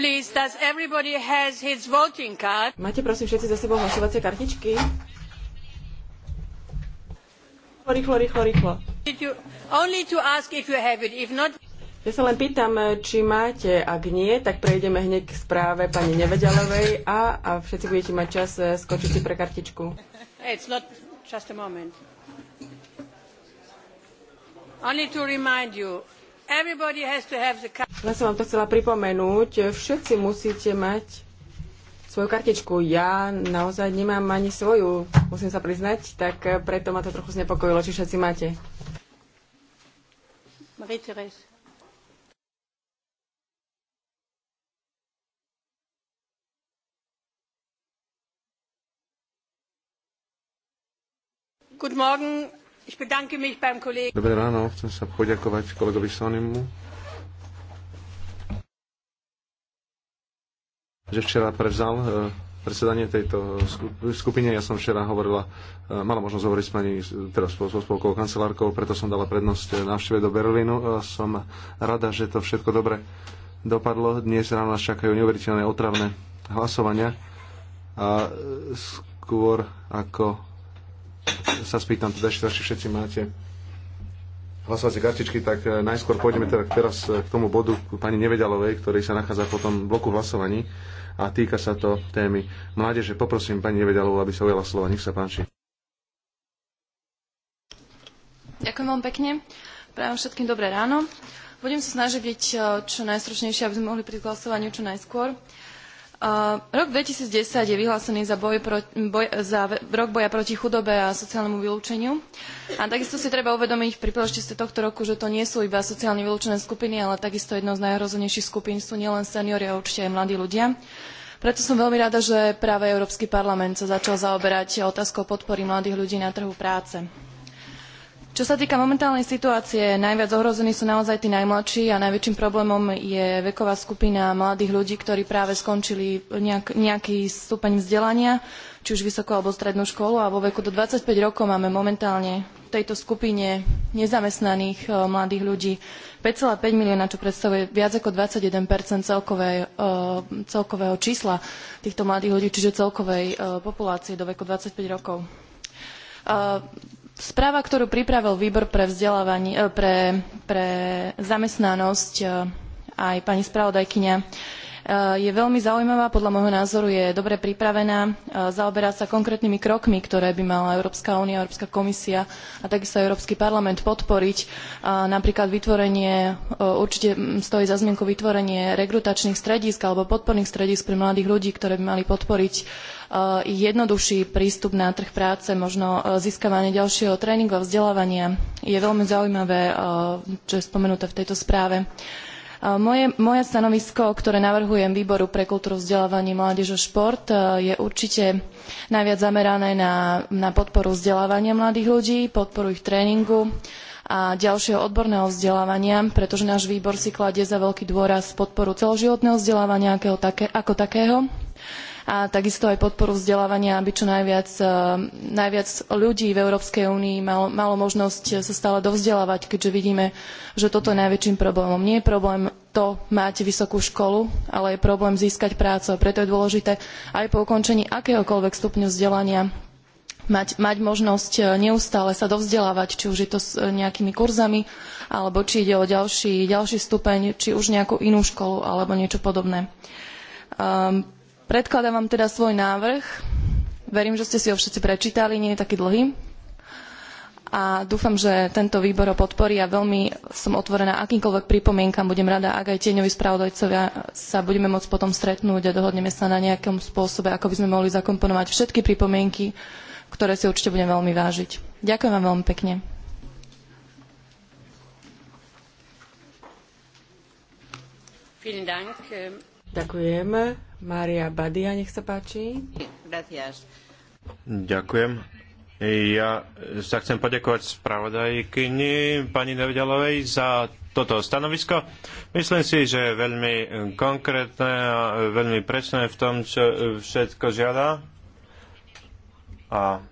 Please, does everybody has his voting card? Máte prosím všetci za sebou hlasovacie kartičky? Rýchlo, rýchlo, rýchlo. only to ask if you have it. If not... Ja sa len pýtam, či máte. Ak nie, tak prejdeme hneď k správe pani Nevedalovej a, a všetci budete mať čas eh, skočiť si pre kartičku. It's not just a moment. Only to remind you, len som vám to chcela pripomenúť. Všetci musíte mať svoju kartičku. Ja naozaj nemám ani svoju, musím sa priznať, tak preto ma to trochu znepokojilo, či všetci máte. marie Guten Morgen, Dobré ráno, chcem sa poďakovať kolegovi Sonimu, že včera prevzal e, predsedanie tejto skupine. Ja som včera hovorila, e, mala možnosť hovoriť s pani teda so spolkovou kancelárkou, preto som dala prednosť e, návšteve do Berlínu. Som rada, že to všetko dobre dopadlo. Dnes ráno nás čakajú neuveriteľné otravné hlasovania a skôr ako sa spýtam teda, či všetci máte hlasovacie kartičky, tak eh, najskôr pôjdeme teda teraz eh, k tomu bodu k pani Nevedalovej, ktorý sa nachádza po tom bloku hlasovaní a týka sa to témy mládeže. Poprosím pani Nevedalovú, aby sa ujala slova. Nech sa páči. Ďakujem vám pekne. Prajem všetkým dobré ráno. Budem sa snažiť byť eh, čo najstručnejšie, aby sme mohli pri hlasovaniu čo najskôr. Rok 2010 je vyhlásený za, boj pro, boj, za rok boja proti chudobe a sociálnemu vylúčeniu. A takisto si treba uvedomiť pri príležitosti tohto roku, že to nie sú iba sociálne vylúčené skupiny, ale takisto jednou z najhrozovnejších skupín sú nielen seniori a určite aj mladí ľudia. Preto som veľmi rada, že práve Európsky parlament sa začal zaoberať otázkou podpory mladých ľudí na trhu práce. Čo sa týka momentálnej situácie, najviac ohrození sú naozaj tí najmladší a najväčším problémom je veková skupina mladých ľudí, ktorí práve skončili nejak, nejaký stupeň vzdelania, či už vysokú alebo strednú školu a vo veku do 25 rokov máme momentálne v tejto skupine nezamestnaných e, mladých ľudí 5,5 milióna, čo predstavuje viac ako 21 celkové, e, celkového čísla týchto mladých ľudí, čiže celkovej e, populácie do veku 25 rokov Správa, ktorú pripravil výbor pre, eh, pre, pre zamestnanosť eh, aj pani spravodajkyňa, eh, je veľmi zaujímavá, podľa môjho názoru je dobre pripravená, zaoberá sa konkrétnymi krokmi, ktoré by mala Európska únia, Európska komisia a takisto Európsky parlament podporiť. Napríklad vytvorenie, určite hm, stojí za zmienku vytvorenie rekrutačných stredísk alebo podporných stredísk pre mladých ľudí, ktoré by mali podporiť E, jednoduchší prístup na trh práce, možno e, získavanie ďalšieho tréningu a vzdelávania je veľmi zaujímavé, e, čo je spomenuté v tejto správe. Moje, moje stanovisko, ktoré navrhujem Výboru pre kultúru, vzdelávanie, mládež a šport, je určite najviac zamerané na, na podporu vzdelávania mladých ľudí, podporu ich tréningu a ďalšieho odborného vzdelávania, pretože náš výbor si kladie za veľký dôraz podporu celoživotného vzdelávania ako takého a takisto aj podporu vzdelávania, aby čo najviac, e, najviac ľudí v Európskej únii malo, malo možnosť sa stále dovzdelávať, keďže vidíme, že toto je najväčším problémom. Nie je problém to mať vysokú školu, ale je problém získať prácu. A preto je dôležité aj po ukončení akéhokoľvek stupňu vzdelania Mať, mať, možnosť e, neustále sa dovzdelávať, či už je to s e, nejakými kurzami, alebo či ide o ďalší, ďalší stupeň, či už nejakú inú školu, alebo niečo podobné. Um, Predkladám vám teda svoj návrh. Verím, že ste si ho všetci prečítali, nie je taký dlhý. A dúfam, že tento výbor ho podporí a veľmi som otvorená akýmkoľvek pripomienkam. Budem rada, ak aj tieňoví spravodajcovia sa budeme môcť potom stretnúť a dohodneme sa na nejakom spôsobe, ako by sme mohli zakomponovať všetky pripomienky, ktoré si určite budem veľmi vážiť. Ďakujem vám veľmi pekne. Ďakujem. Mária Badia, nech sa páči. Gracias. Ďakujem. Ja sa chcem poďakovať spravodajkyni pani Davidalovej za toto stanovisko. Myslím si, že je veľmi konkrétne a veľmi presné v tom, čo všetko žiada. A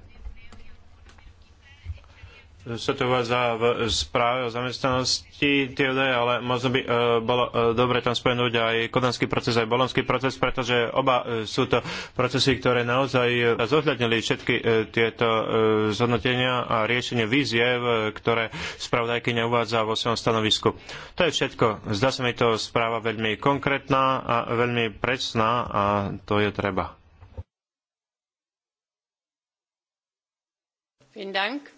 sa to uvádza v správe o zamestnanosti tie údaje, ale možno by e, bolo e, dobre tam spomenúť aj kodanský proces, aj bolonský proces, pretože oba e, sú to procesy, ktoré naozaj zohľadnili všetky tieto zhodnotenia a riešenie víziev, ktoré spravodajkyňa uvádza vo svojom stanovisku. To je všetko. Zdá sa mi to správa veľmi konkrétna a veľmi presná a to je treba. Vielen Dank.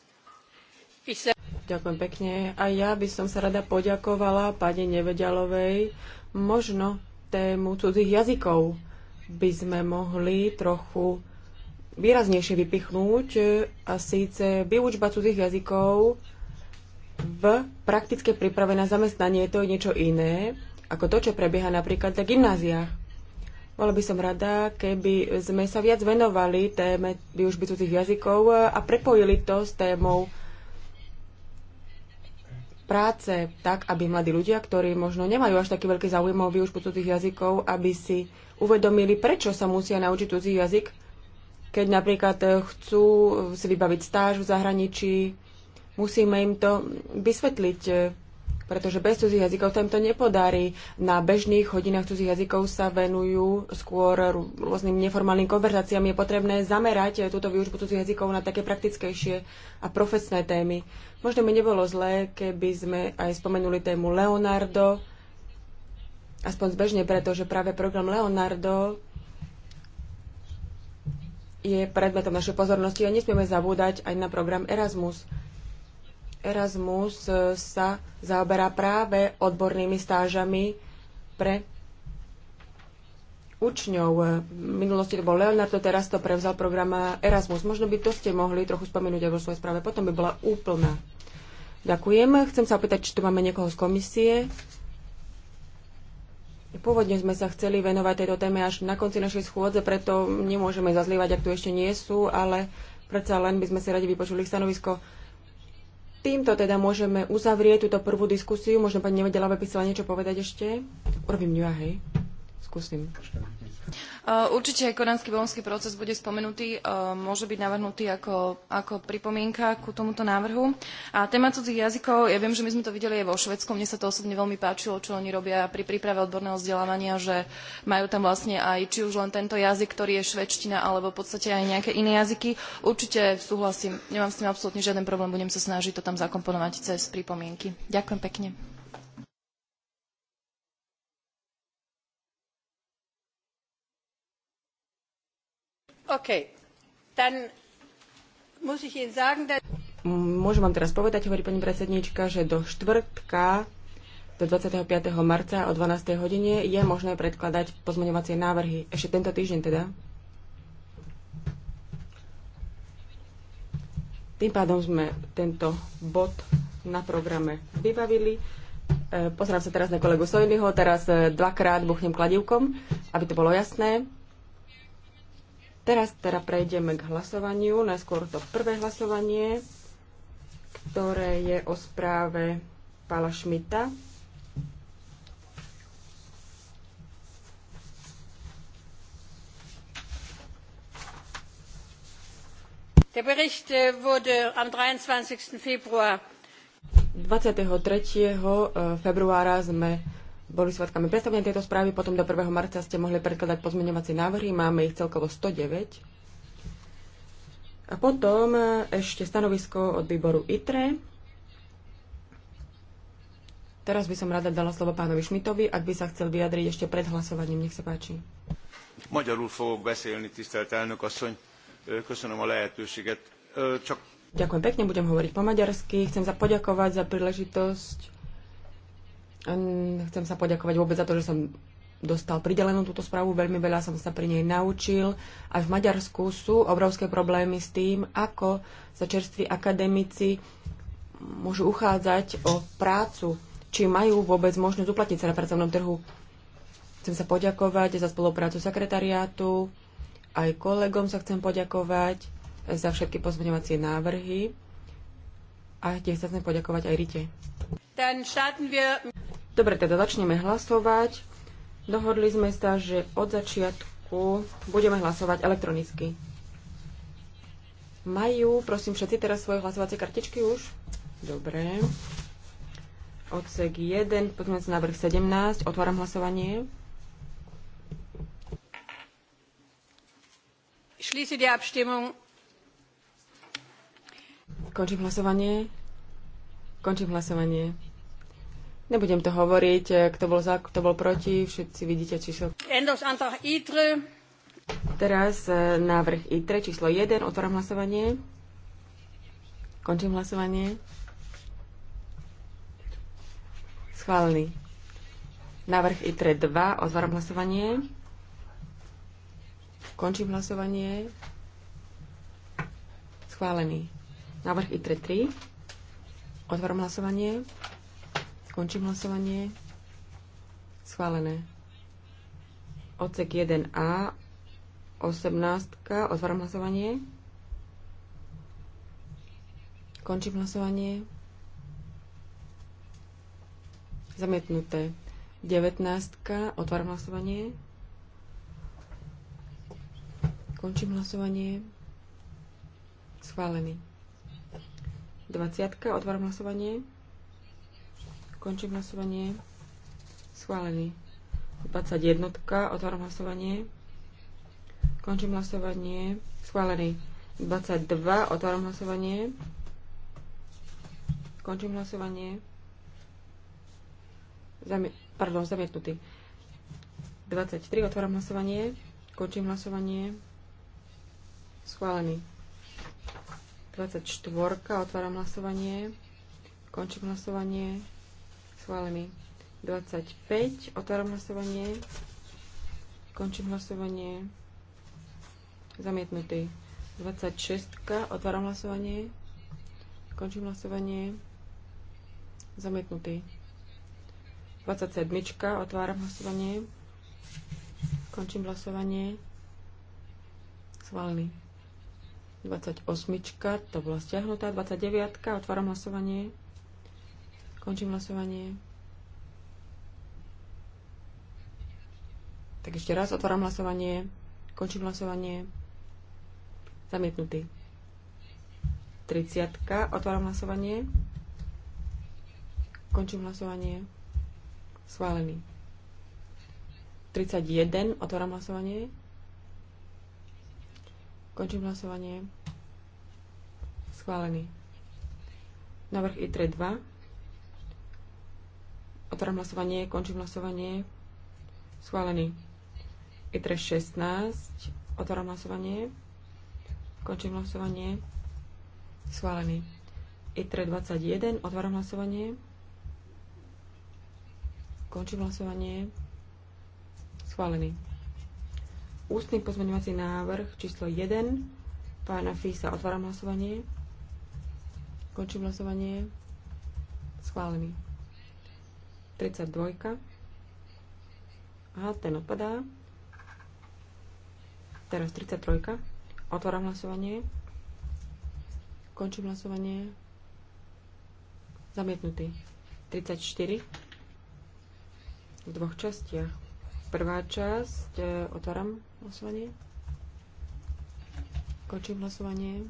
Ďakujem pekne. A ja by som sa rada poďakovala pani Nevedialovej. Možno tému cudzích jazykov by sme mohli trochu výraznejšie vypichnúť e, a síce vyučba cudzích jazykov v praktické príprave na zamestnanie to je niečo iné ako to, čo prebieha napríklad na gymnáziách. Bola by som rada, keby sme sa viac venovali téme využby cudzích jazykov e, a prepojili to s témou práce tak, aby mladí ľudia, ktorí možno nemajú až taký veľký záujem o výučbu cudzích jazykov, aby si uvedomili, prečo sa musia naučiť cudzí jazyk, keď napríklad eh, chcú eh, si vybaviť stáž v zahraničí, musíme im to vysvetliť. Eh, pretože bez cudzích jazykov im to nepodarí. Na bežných hodinách cudzích jazykov sa venujú skôr rôznym neformálnym konverzáciám. Je potrebné zamerať eh, túto výučbu cudzích jazykov na také praktickejšie a profesné témy. Možno by nebolo zlé, keby sme aj spomenuli tému Leonardo, aspoň zbežne, pretože práve program Leonardo je predmetom našej pozornosti a nesmieme zabúdať aj na program Erasmus. Erasmus e, sa zaoberá práve odbornými stážami pre učňov. E, v minulosti to bol Leonardo, teraz to prevzal program Erasmus. Možno by to ste mohli trochu spomenúť aj vo svojej správe, potom by bola úplná. Ďakujem. Chcem sa opýtať, či tu máme niekoho z komisie. Pôvodne sme sa chceli venovať tejto téme až na konci našej schôdze, preto nemôžeme zazlievať, ak tu ešte nie sú, ale predsa len by sme si radi vypočuli stanovisko Týmto teda môžeme uzavrieť túto prvú diskusiu. Možno pani nevedela by chcela niečo povedať ešte. Urobím ju a hej. Skúsim. Počkej. Uh, určite kodanský bolonský proces bude spomenutý, uh, môže byť navrhnutý ako, ako pripomienka ku tomuto návrhu. A téma cudzích jazykov, ja viem, že my sme to videli aj vo Švedsku, mne sa to osobne veľmi páčilo, čo oni robia pri príprave odborného vzdelávania, že majú tam vlastne aj či už len tento jazyk, ktorý je švedština, alebo v podstate aj nejaké iné jazyky. Určite súhlasím, nemám s tým absolútne žiaden problém, budem sa snažiť to tam zakomponovať cez pripomienky. Ďakujem pekne. Môžem vám teraz povedať, hovorí pani predsedníčka, že do štvrtka do 25. marca o 12. hodine je možné predkladať pozmeňovacie návrhy. Ešte tento týždeň teda. Tým pádom sme tento bod na programe vybavili. E, Pozrám sa teraz na kolegu Sojnyho, teraz e, dvakrát buchnem kladivkom, aby to bolo jasné. Teraz teda prejdeme k hlasovaniu. Najskôr to prvé hlasovanie, ktoré je o správe Pala Šmita. Der Bericht äh, wurde am 23. Februar 23. Äh, februára sme boli svetkami predstavenia tejto správy. Potom do 1. marca ste mohli predkladať pozmeňovacie návrhy. Máme ich celkovo 109. A potom ešte stanovisko od výboru ITRE. Teraz by som rada dala slovo pánovi Šmitovi, ak by sa chcel vyjadriť ešte pred hlasovaním. Nech sa páči. Magyarul fogok beszélni, tisztelt elnök asszony. Köszönöm a lehetőséget. Csak... Ďakujem pekne, budem hovoriť po maďarsky. Chcem sa poďakovať za príležitosť Chcem sa poďakovať vôbec za to, že som dostal pridelenú túto správu, veľmi veľa som sa pri nej naučil. Aj v Maďarsku sú obrovské problémy s tým, ako sa čerství akademici môžu uchádzať o prácu, či majú vôbec možnosť uplatniť sa na pracovnom trhu. Chcem sa poďakovať za spoluprácu sekretariátu, aj kolegom sa chcem poďakovať za všetky pozmeňovacie návrhy. A tiež sa chcem poďakovať aj Rite. Dobre, teda začneme hlasovať. Dohodli sme sa, že od začiatku budeme hlasovať elektronicky. Majú, prosím, všetci teraz svoje hlasovacie kartičky už? Dobre. Odsek 1, na návrh 17. Otváram hlasovanie. Schließe die Abstimmung. Končím hlasovanie. Končím hlasovanie. Nebudem to hovoriť, e, kto bol za, kto bol proti, všetci vidíte číslo. Teraz e, návrh ITRE číslo 1, otváram hlasovanie. Končím hlasovanie. Schválený. Návrh ITRE 2, otváram hlasovanie. Končím hlasovanie. Schválený. Návrh ITRE 3. Otváram hlasovanie. Končím hlasovanie. Schválené. Ocek 1A. 18. Otváram hlasovanie. Končím hlasovanie. Zamietnuté. 19. Otváram hlasovanie. Končím hlasovanie. Schválený. 20. Otváram hlasovanie. Končím hlasovanie. Schválený. 21. Otváram hlasovanie. Končím hlasovanie. Schválený. 22. Otváram hlasovanie. Končím hlasovanie. Zami- pardon, zamietnutý. 23. Otváram hlasovanie. Končím hlasovanie. Schválený. 24. Otváram hlasovanie. Končím hlasovanie. Schválený. 25. Otváram hlasovanie. Končím hlasovanie. Zamietnutý. 26. Otváram hlasovanie. Končím hlasovanie. Zamietnutý. 27. Otváram hlasovanie. Končím hlasovanie. Schválený. 28, to bola stiahnutá. 29, otváram hlasovanie. Končím hlasovanie. Tak ešte raz otváram hlasovanie. Končím hlasovanie. Zamietnutý. 30, otváram hlasovanie. Končím hlasovanie. Schválený. 31, otváram hlasovanie. Končím hlasovanie. Schválený. Návrh ITRE 2. Otváram hlasovanie, končím hlasovanie. Schválený. ITRE 16. Otváram hlasovanie. Končím hlasovanie. Schválený. ITRE 21. Otváram hlasovanie. Končím hlasovanie. Schválený. Ústny pozmeňovací návrh číslo 1 pána Fisa. Otváram hlasovanie. Končím hlasovanie. Schválený. 32. Aha, ten odpadá. Teraz 33. Otváram hlasovanie. Končím hlasovanie. Zamietnutý. 34. V dvoch častiach. Prvá časť. E, otváram hlasovanie. Končím hlasovanie.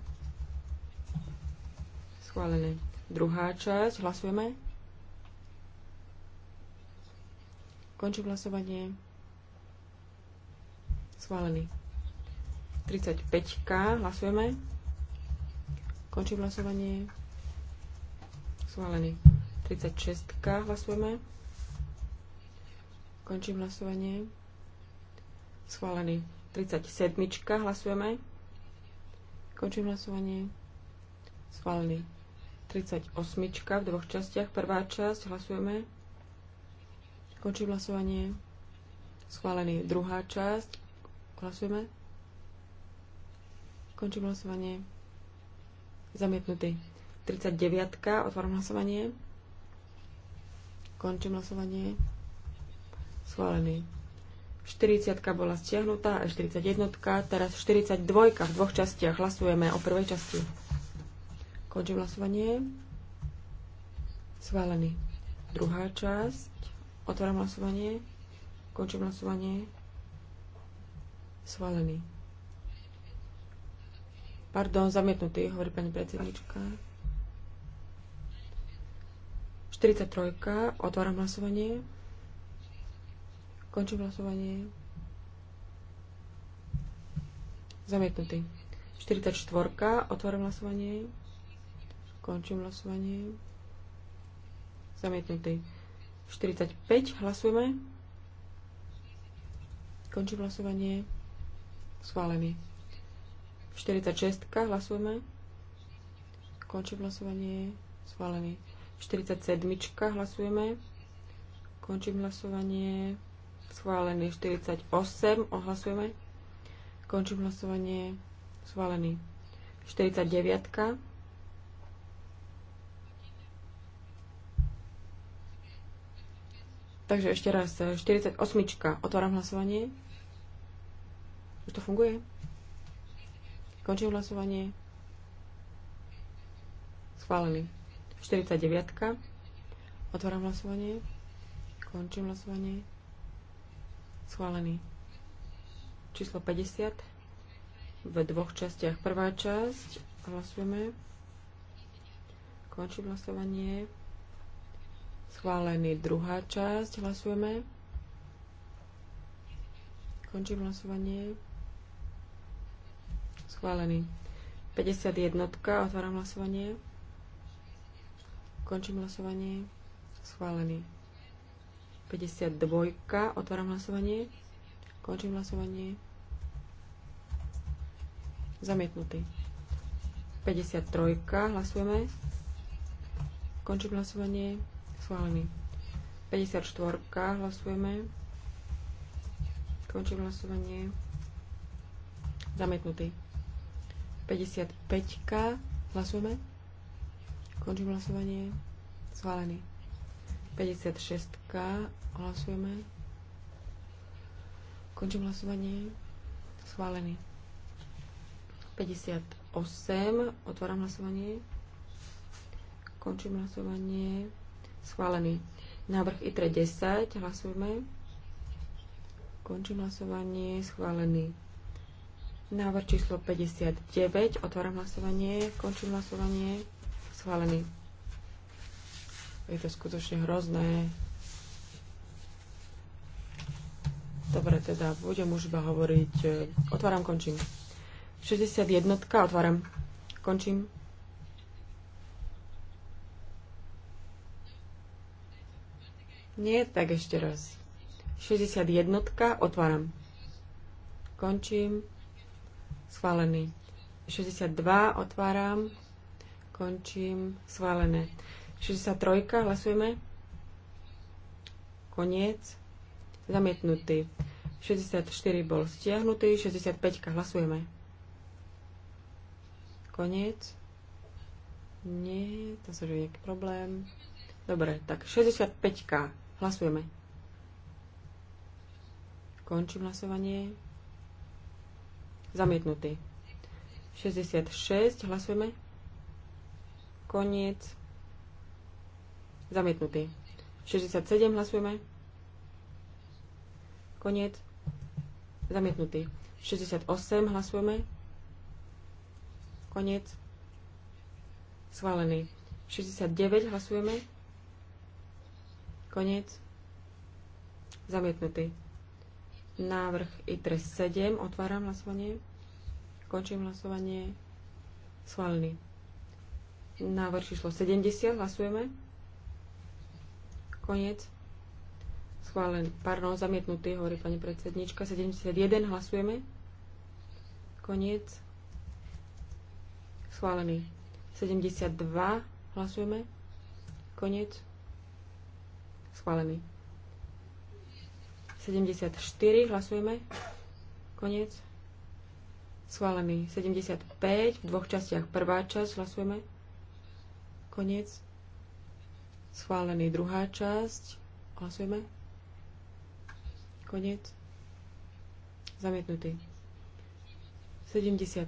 Schválené. Druhá časť. Hlasujeme. Končím hlasovanie. Schválený. 35K. Hlasujeme. Končím hlasovanie. Schválený. 36K. Hlasujeme. Končím hlasovanie. Schválený. 37. Hlasujeme. Končím hlasovanie. Schválený. 38. v dvoch častiach. Prvá časť. Hlasujeme. Končím hlasovanie. Schválený. Druhá časť. Hlasujeme. Končím hlasovanie. Zamietnutý. 39. Otváram hlasovanie. Končím hlasovanie. Schválený. 40 bola stiahnutá, a 41, teraz 42 v dvoch častiach. Hlasujeme o prvej časti. Končím hlasovanie. Schválený. Druhá časť. Otváram hlasovanie. Končím hlasovanie. Schválený. Pardon, zamietnutý, hovorí pani predsednička. 43. Otváram hlasovanie. Končím hlasovanie. Zamietnutý. 44. Otváram hlasovanie. Končím hlasovanie. Zamietnutý. 45. Hlasujeme. Končím hlasovanie. Schválený. 46. Hlasujeme. Končím hlasovanie. Schválený. 47. Hlasujeme. Končím hlasovanie. Schválený 48. Ohlasujeme. Končím hlasovanie. Schválený 49. Takže ešte raz, 48. Eh, Otváram hlasovanie. Už to funguje? Končím hlasovanie. Schválený. 49. Otváram hlasovanie. Končím hlasovanie. Schválený. Číslo 50 v dvoch častiach. Prvá časť. Hlasujeme. Končím hlasovanie. Schválený druhá časť. Hlasujeme. Končím hlasovanie. Schválený. 51. Otváram hlasovanie. Končím hlasovanie. Schválený. 52. Otváram hlasovanie. Končím hlasovanie. Zamietnutý. 53. Hlasujeme. Končím hlasovanie. Schválený. 54. Hlasujeme. Končím hlasovanie. Zamietnutý. 55. Hlasujeme. Končím hlasovanie. Schválený. 56. Hlasujeme. Končím hlasovanie. Schválený. 58. Otváram hlasovanie. Končím hlasovanie. Schválený. Návrh ITRE 10. Hlasujeme. Končím hlasovanie. Schválený. Návrh číslo 59. Otváram hlasovanie. Končím hlasovanie. Schválený. Je to skutočne hrozné. Dobre, teda budem už iba hovoriť. E, otváram, končím. 61, otváram, končím. Nie, tak ešte raz. 61, otváram. Končím. Schválený. 62, otváram. Končím. Schválené. 63. Hlasujeme. Koniec. Zamietnutý. 64 bol stiahnutý. 65. Hlasujeme. Koniec. Nie, to sa je nejaký problém. Dobre, tak 65. Hlasujeme. Končím hlasovanie. Zamietnutý. 66. Hlasujeme. Koniec. Zamietnutý. 67 hlasujeme. Koniec. Zamietnutý. 68 hlasujeme. Koniec. Schválený. 69 hlasujeme. Koniec. Zamietnutý. Návrh ITRE 7. Otváram hlasovanie. Končím hlasovanie. Schválený. Návrh číslo 70. Hlasujeme. Koniec. Schválen. Pardon, zamietnutý, hovorí pani predsednička. 71 hlasujeme. Koniec. Schválený. 72 hlasujeme. Koniec. Schválený. 74 hlasujeme. Koniec. Schválený. 75 v dvoch častiach. Prvá časť hlasujeme. Koniec. Schválený druhá časť. Hlasujeme. Koniec. Zamietnutý. 76.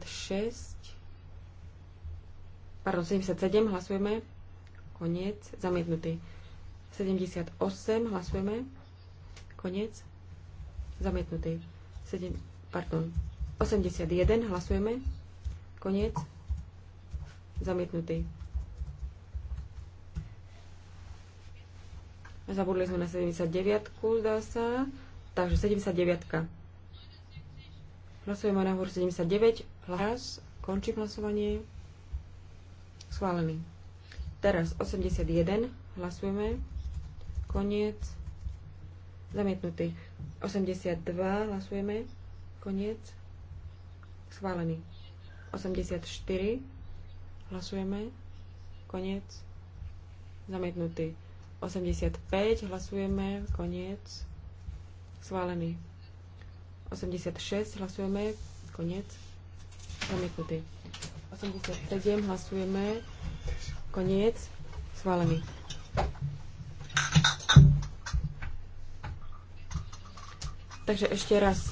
Pardon, 77. Hlasujeme. Koniec. Zamietnutý. 78. Hlasujeme. Koniec. Zamietnutý. 7, pardon. 81. Hlasujeme. Koniec. Zamietnutý. Zabudli sme na 79, zdá sa. Takže 79. Hlasujeme na hôr 79. Hlas. Končím hlasovanie. Schválený. Teraz 81. Hlasujeme. Koniec. Zamietnutý. 82. Hlasujeme. Koniec. Schválený. 84. Hlasujeme. Koniec. Zamietnutý. 85, hlasujeme, koniec. Schválený. 86, hlasujeme, koniec. Zamietnutý. 87, hlasujeme, koniec. Schválený. Takže ešte raz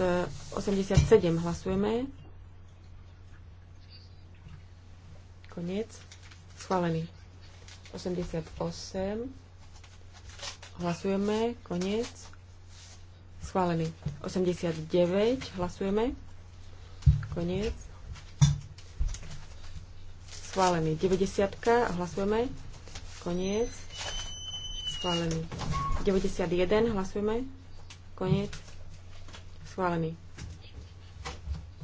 87 e, hlasujeme. Koniec. Schválený. 88. Hlasujeme. Koniec. Schválený. 89. Hlasujeme. Koniec. Schválený. 90. Hlasujeme. Koniec. Schválený. 91. Hlasujeme. Koniec. Schválený.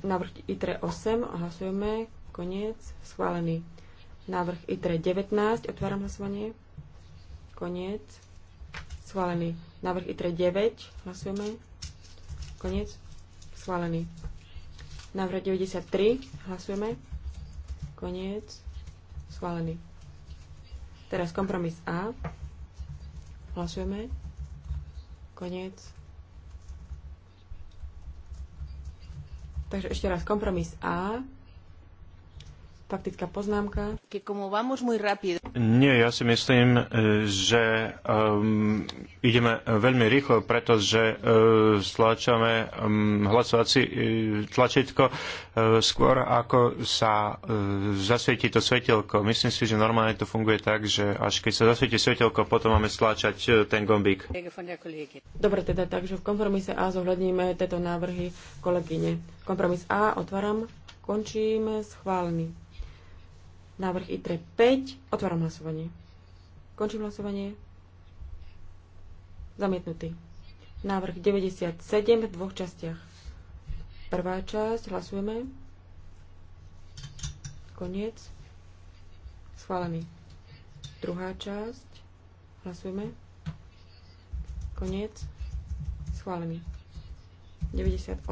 Návrh ITRE 8. Hlasujeme. Koniec. Schválený. Návrh ITRE 19. Otváram hlasovanie. Koniec. Schválený. Návrh ITRE 9. Hlasujeme. Koniec. Schválený. Návrh 93. Hlasujeme. Koniec. Schválený. Teraz kompromis A. Hlasujeme. Koniec. Takže ešte raz kompromis A faktická poznámka. Nie, ja si myslím, e, že um, ideme veľmi rýchlo, pretože uh, stlačame um, hlasovací uh, tlačítko uh, skôr, ako sa uh, zasvieti to svetelko. Myslím si, že normálne to funguje tak, že až keď sa zasvieti svetelko, potom máme stlačať uh, ten gombík. Dobre, teda takže v kompromise A zohľadníme tieto návrhy kolegyne. Kompromis A otváram, končíme, schválený. Návrh ITRE 5. Otváram hlasovanie. Končím hlasovanie. Zamietnutý. Návrh 97 v dvoch častiach. Prvá časť. Hlasujeme. Koniec. Schválený. Druhá časť. Hlasujeme. Koniec. Schválený. 98.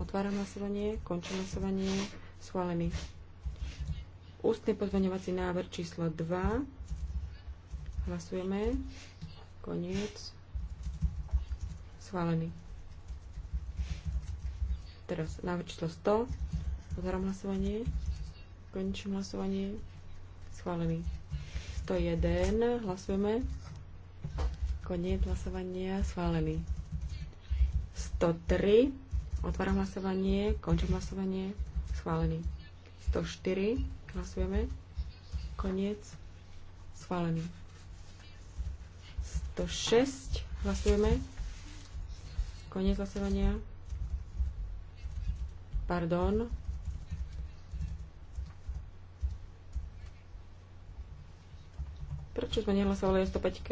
Otváram hlasovanie. Končím hlasovanie. Schválený. Ústny pozmeňovací návrh číslo 2. Hlasujeme. Koniec. Schválený. Teraz návrh číslo 100. Pozerám hlasovanie. Končím hlasovanie. Schválený. 101. Hlasujeme. Koniec hlasovania. Schválený. 103. Otváram hlasovanie. Končím hlasovanie. Schválený. 104. Hlasujeme. Koniec. Schválený. 106. Hlasujeme. Koniec hlasovania. Pardon. Prečo sme nehlasovali o 105?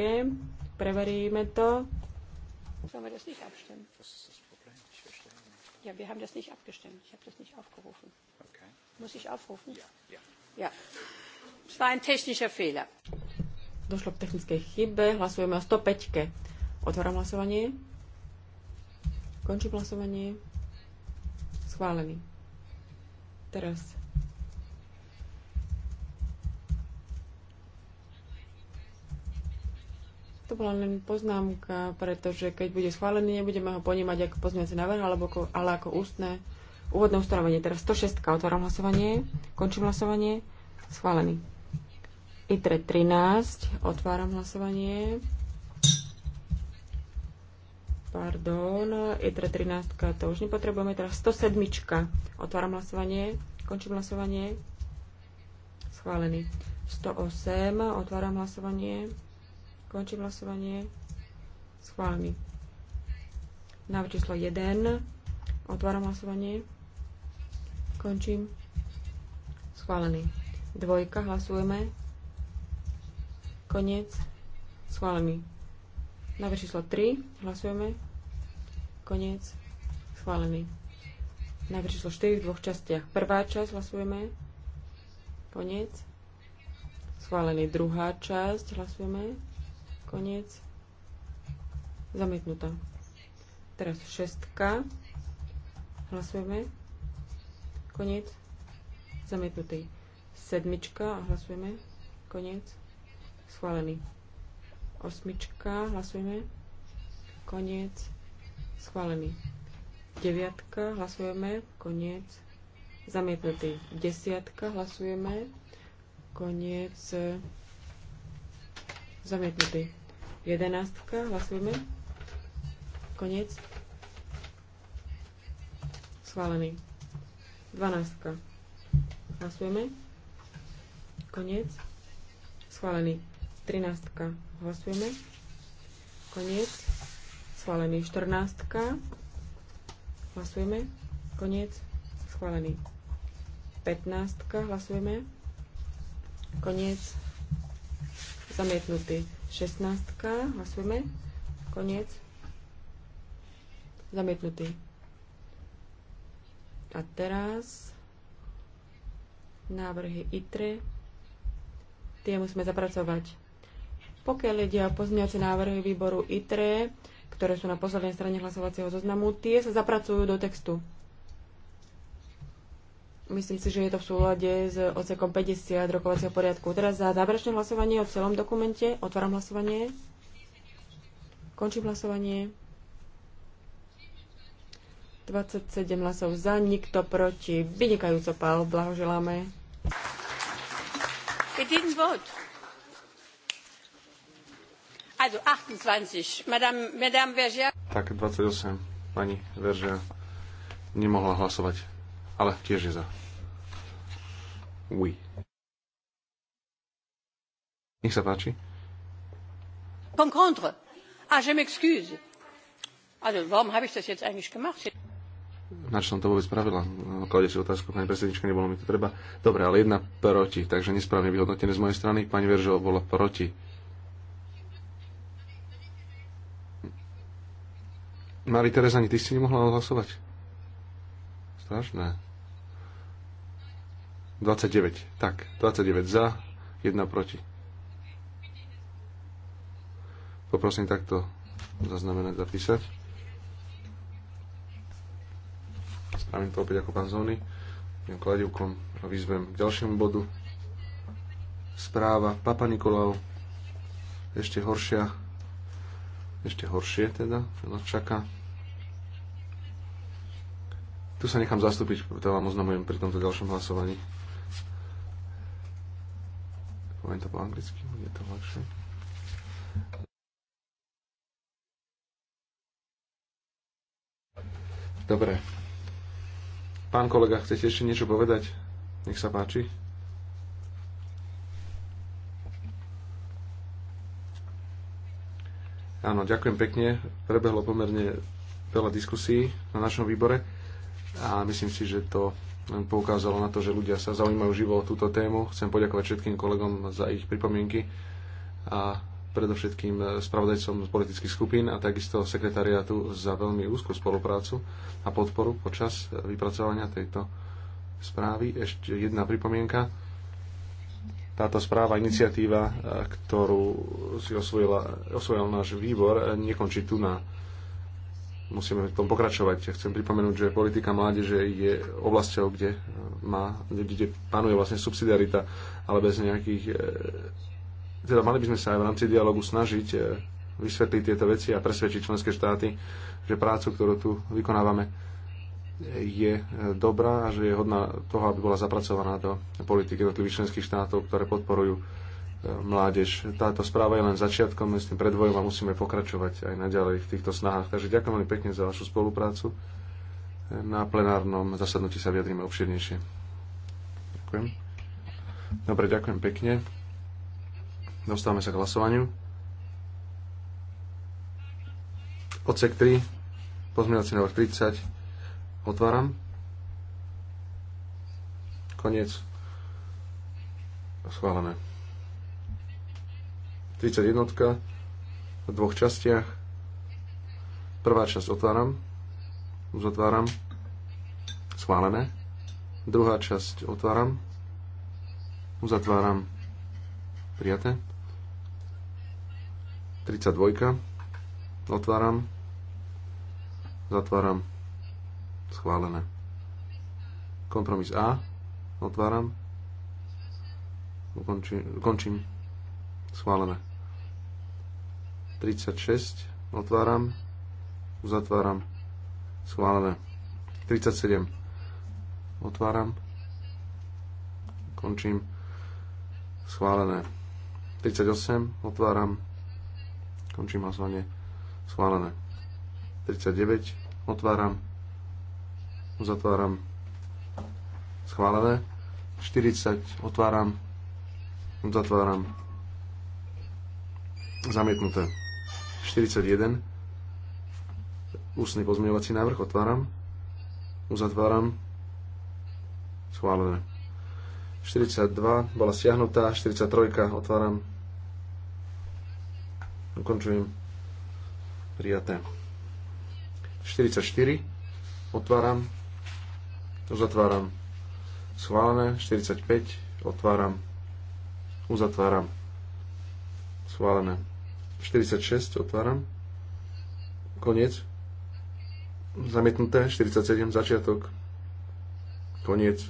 Preveríme to. Sollen wir das nicht abstimmen? Ja, wir haben das nicht abgestimmt. Ich habe das nicht aufgerufen. Muss ich aufrufen? Ja. ja. Es war ein technischer Fehler. Došlo k technickej chybe. Hlasujeme o 105. Otváram hlasovanie. Končím hlasovanie. Schválený. Teraz. To bola len poznámka, pretože keď bude schválený, nebudeme ho ponímať ako pozmeňujúci návrh, alebo ako, ale ako ústne Úvodné ustanovenie, teraz 106. Otváram hlasovanie. Končím hlasovanie. Schválený. ITRE 13. Otváram hlasovanie. Pardon, ITRE 13. To už nepotrebujeme. Teraz 107. Otváram hlasovanie. Končím hlasovanie. Schválený. 108. Otváram hlasovanie. Končím hlasovanie. Schválený. Návrh číslo 1. Otváram hlasovanie. Končím. Schválený. Dvojka, hlasujeme. Koniec. Schválený. Návrh číslo 3, hlasujeme. Koniec. Schválený. Návrh číslo 4 v dvoch častiach. Prvá časť hlasujeme. Koniec. Schválený. Druhá časť hlasujeme. Koniec. Zamietnutá. Teraz šestka. Hlasujeme. Koniec. Zamietnutý. Sedmička. Hlasujeme. Koniec. Schválený. Osmička. Hlasujeme. Koniec. Schválený. Deviatka. Hlasujeme. Koniec. Zamietnutý. Desiatka. Hlasujeme. Koniec. Zamietnutý. Jedenáctka. Hlasujeme. Koniec. Schválený. 12. Hlasujeme. Koniec. Schválený. 13. Hlasujeme. Koniec. Schválený. 14. Hlasujeme. Koniec. Schválený. 15. Hlasujeme. Koniec. Zamietnutý. 16. Hlasujeme. Koniec. Zamietnutý. A teraz návrhy ITRE. Tie musíme zapracovať. Pokiaľ ide o pozmeňovacie návrhy výboru ITRE, ktoré sú na poslednej strane hlasovacieho zoznamu, tie sa zapracujú do textu. Myslím si, že je to v súlade s odsekom 50 rokovacieho poriadku. Teraz za záverečné hlasovanie o celom dokumente otváram hlasovanie. Končím hlasovanie. 27 hlasov za, nikto proti. Vynikajúco, Pál, blahoželáme. It didn't vote. Also 28. Madame, Madame Verger. Tak 28. Pani Verger nemohla hlasovať, ale tiež je za. Oui. Nech sa páči. Contre. Ah, je m'excuse. Also, warum habe ich das jetzt eigentlich gemacht? na čo som to vôbec spravila? No, kladie si otázku, pani predsednička, nebolo mi to treba. Dobre, ale jedna proti, takže nesprávne vyhodnotené z mojej strany. Pani Veržo bola proti. Mari Tereza, ani ty si nemohla hlasovať. Strašné. 29, tak, 29 za, 1 proti. Poprosím takto zaznamenať, zapísať. Mám to opäť ako pán Zóny. Kladivkom a vyzvem k ďalšiemu bodu. Správa Papa Nikolau. Ešte horšia. Ešte horšie teda, čo nás čaká. Tu sa nechám zastúpiť, to vám oznamujem pri tomto ďalšom hlasovaní. Poviem to po anglicky, bude to ľahšie. Dobre, Pán kolega, chcete ešte niečo povedať? Nech sa páči. Áno, ďakujem pekne. Prebehlo pomerne veľa diskusí na našom výbore a myslím si, že to poukázalo na to, že ľudia sa zaujímajú živo o túto tému. Chcem poďakovať všetkým kolegom za ich pripomienky a predovšetkým e, spravodajcom z politických skupín a takisto sekretariátu za veľmi úzkú spoluprácu a podporu počas e, vypracovania tejto správy. Ešte jedna pripomienka. Táto správa, iniciatíva, e, ktorú si osvojila, osvojil náš výbor, nekončí tu na musíme v tom pokračovať. Chcem pripomenúť, že politika mládeže je oblasťou, kde, má, kde panuje vlastne subsidiarita, ale bez nejakých teda mali by sme sa aj v rámci dialogu snažiť e, vysvetliť tieto veci a presvedčiť členské štáty, že prácu, ktorú tu vykonávame, je e, dobrá a že je hodná toho, aby bola zapracovaná do politiky jednotlivých členských štátov, ktoré podporujú e, mládež. Táto správa je len začiatkom, s tým predvojom a musíme pokračovať aj naďalej v týchto snahách. Takže ďakujem veľmi pekne za vašu spoluprácu. Na plenárnom zasadnutí sa vyjadríme obširnejšie. Ďakujem. Dobre, ďakujem pekne. Dostávame sa k hlasovaniu. Odsek 3, pozmeňovací návrh 30. Otváram. Koniec. Schválené. 31 v dvoch častiach. Prvá časť otváram. Uzatváram. Schválené. Druhá časť otváram. Uzatváram. Prijaté. 32. Otváram. Zatváram. Schválené. Kompromis A. Otváram. Ukončím. Končím. Schválené. 36. Otváram. Uzatváram. Schválené. 37. Otváram. Končím. Schválené. 38. Otváram. Končím hlasovanie. Schválené. 39. Otváram. zatváram, Schválené. 40. Otváram. zatváram, Zamietnuté. 41. Ústny pozmeňovací návrh. Otváram. Uzatváram. Schválené. 42. Bola stiahnutá. 43. Otváram. Ukončujem. Prijaté. 44. Otváram. Uzatváram. Schválené. 45. Otváram. Uzatváram. Schválené. 46. Otváram. Koniec. Zamietnuté. 47. Začiatok. Koniec.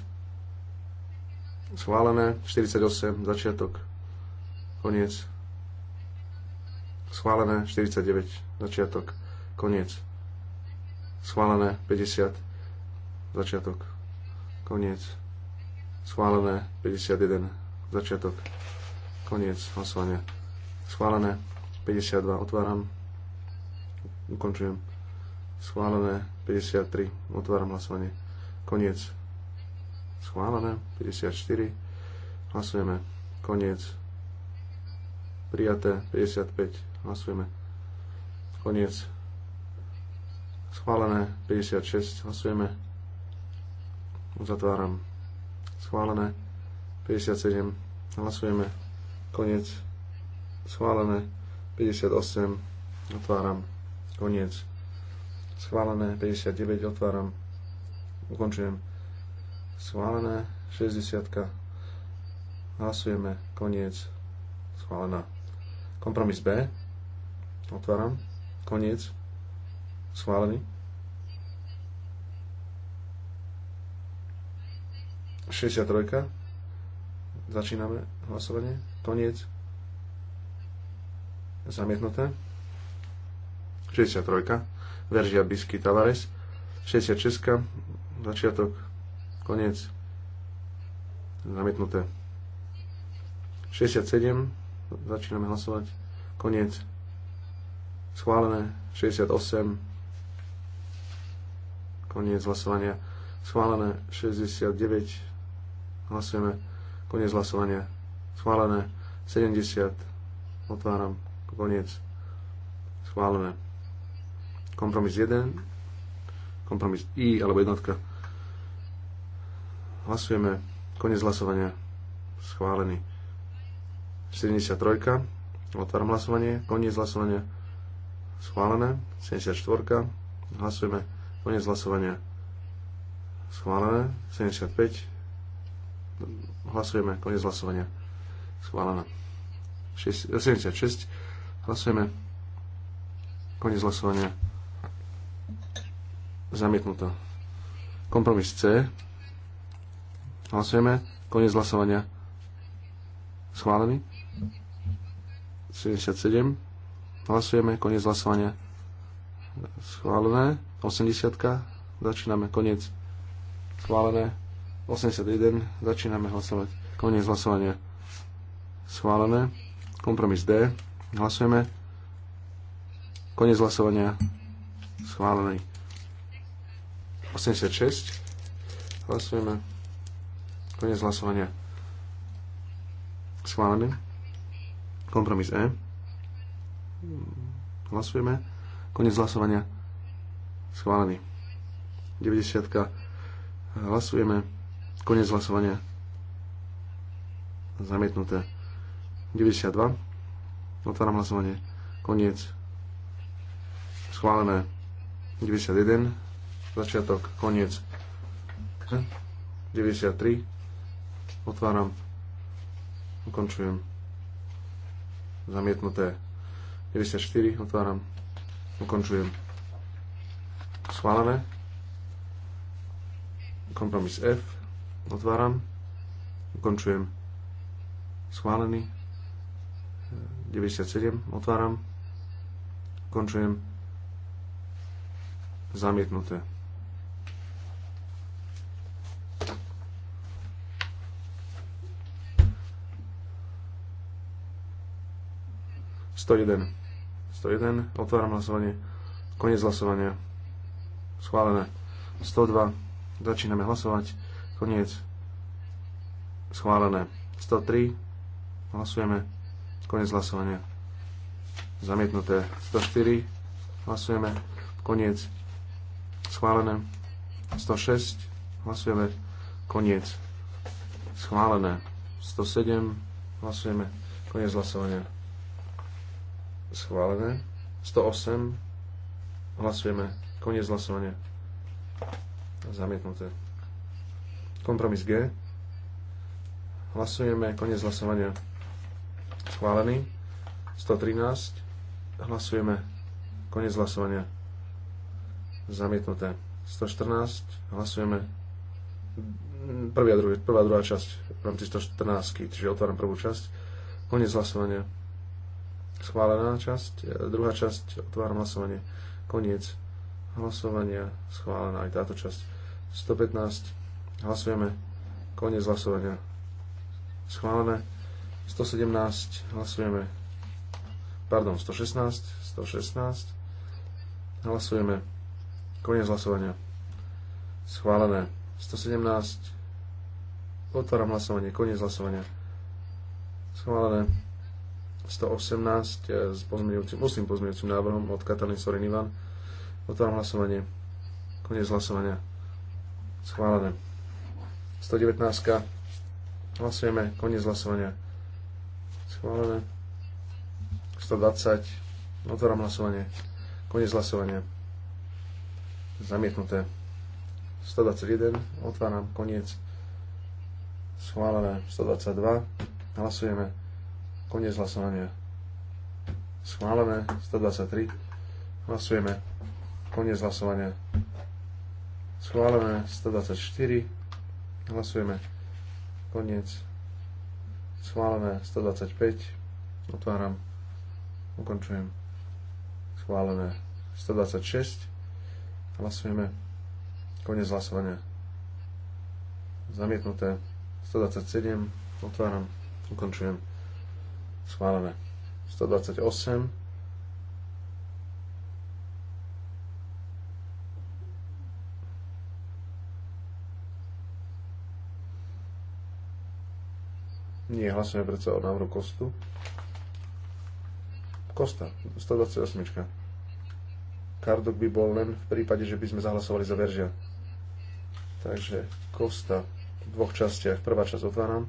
Schválené. 48. Začiatok. Koniec Schválené 49, začiatok, koniec. Schválené 50, začiatok, koniec. Schválené 51, začiatok, koniec hlasovania. Schválené 52, otváram, ukončujem. Schválené 53, otváram hlasovanie, koniec. Schválené 54, hlasujeme, koniec Prijaté 55. Hlasujeme. Koniec. Schválené 56. Hlasujeme. Uzatváram. Schválené 57. Hlasujeme. Koniec. Schválené 58. Otváram. Koniec. Schválené 59. Otváram. Ukončujem. Schválené 60. Hlasujeme. Koniec. Schválená. Kompromis B. Otváram. Koniec. Schválený. 63. Začíname hlasovanie. Koniec. Zamietnuté. 63. Veržia Bisky Tavares. 66. Začiatok. Koniec. Zamietnuté. 67. Začíname hlasovať. Koniec. Schválené. 68. Koniec hlasovania. Schválené. 69. Hlasujeme. Koniec hlasovania. Schválené. 70. Otváram. Koniec. Schválené. Kompromis 1. Kompromis I alebo jednotka. Hlasujeme. Koniec hlasovania. Schválený. 73. Otváram hlasovanie. Koniec hlasovania. Schválené. 74. Hlasujeme. Koniec hlasovania. Schválené. 75. Hlasujeme. Koniec hlasovania. Schválené. 76. Eh, Hlasujeme. Koniec hlasovania. Zamietnuto. Kompromis C. Hlasujeme. Koniec hlasovania. Schválený. 77. Hlasujeme, koniec hlasovania. Schválené. 80. Začíname, koniec. Schválené. 81. Začíname hlasovať. Koniec hlasovania. Schválené. Kompromis D. Hlasujeme. Koniec hlasovania. Schválený. 86. Hlasujeme. Koniec hlasovania. Schválený. Kompromis E. Hlasujeme. Konec hlasovania. Schválený. 90. Hlasujeme. Konec hlasovania. Zamietnuté. 92. Otváram hlasovanie. Koniec. Schválené. 91. Začiatok. Koniec. 93. Otváram. Ukončujem. Zamietnuté. 94. Otváram. Ukončujem. Schválené. Kompromis F. Otváram. Ukončujem. Schválený. 97. Otváram. ukončujem. Zamietnuté. 101. 101. Otváram hlasovanie. Koniec hlasovania. Schválené. 102. Začíname hlasovať. Koniec. Schválené. 103. Hlasujeme. Koniec hlasovania. Zamietnuté. 104. Hlasujeme. Koniec. Schválené. 106. Hlasujeme. Koniec. Schválené. 107. Hlasujeme. Koniec hlasovania. Schválené. 108. Hlasujeme. Koniec hlasovania. Zamietnuté. Kompromis G. Hlasujeme. Koniec hlasovania. Schválený. 113. Hlasujeme. Koniec hlasovania. Zamietnuté. 114. Hlasujeme. Prvá, druhá, druhá časť v rámci 114. Čiže otváram prvú časť. Koniec hlasovania. Schválená časť. E, druhá časť. Otváram hlasovanie. Koniec hlasovania. Schválená aj táto časť. 115. Hlasujeme. Koniec hlasovania. Schválené. 117. Hlasujeme. Pardon, 116. 116. Hlasujeme. Koniec hlasovania. Schválené. 117. Otváram hlasovanie. Koniec hlasovania. Schválené. 118 eh, s pozmeňujúcim, musím pozmeňujúcim návrhom od Katalin Sorin Ivan. Otváram hlasovanie. Koniec hlasovania. Schválené. 119. Hlasujeme. Koniec hlasovania. Schválené. 120. Otváram hlasovanie. Koniec hlasovania. Zamietnuté. 121. Otváram. Koniec. Schválené. 122. Hlasujeme. Koniec hlasovania. Schválené. 123. Hlasujeme. Koniec hlasovania. Schválené. 124. Hlasujeme. Koniec. Schválené. 125. Otváram. Ukončujem. Schválené. 126. Hlasujeme. Koniec hlasovania. Zamietnuté. 127. Otváram. Ukončujem Schválené. 128. Nie, hlasujeme predsa o návru Kostu. Kosta, 128. Kardok by bol len v prípade, že by sme zahlasovali za veržia. Takže Kosta v dvoch častiach. Prvá časť otváram,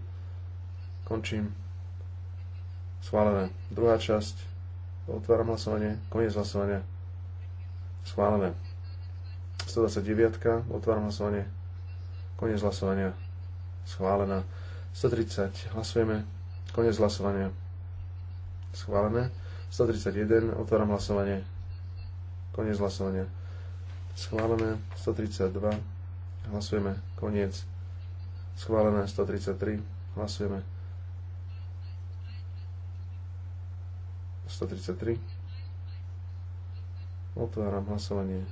končím. Schválené. Druhá časť. Otváram hlasovanie. Koniec hlasovania. Schválené. 129. Otváram hlasovanie. Koniec hlasovania. Schválená. 130. Hlasujeme. Koniec hlasovania. Schválené. 131. Otváram hlasovanie. Koniec hlasovania. Schválené. 132. Hlasujeme. Koniec. Schválené. 133. Hlasujeme. 133. Otváram hlasovanie.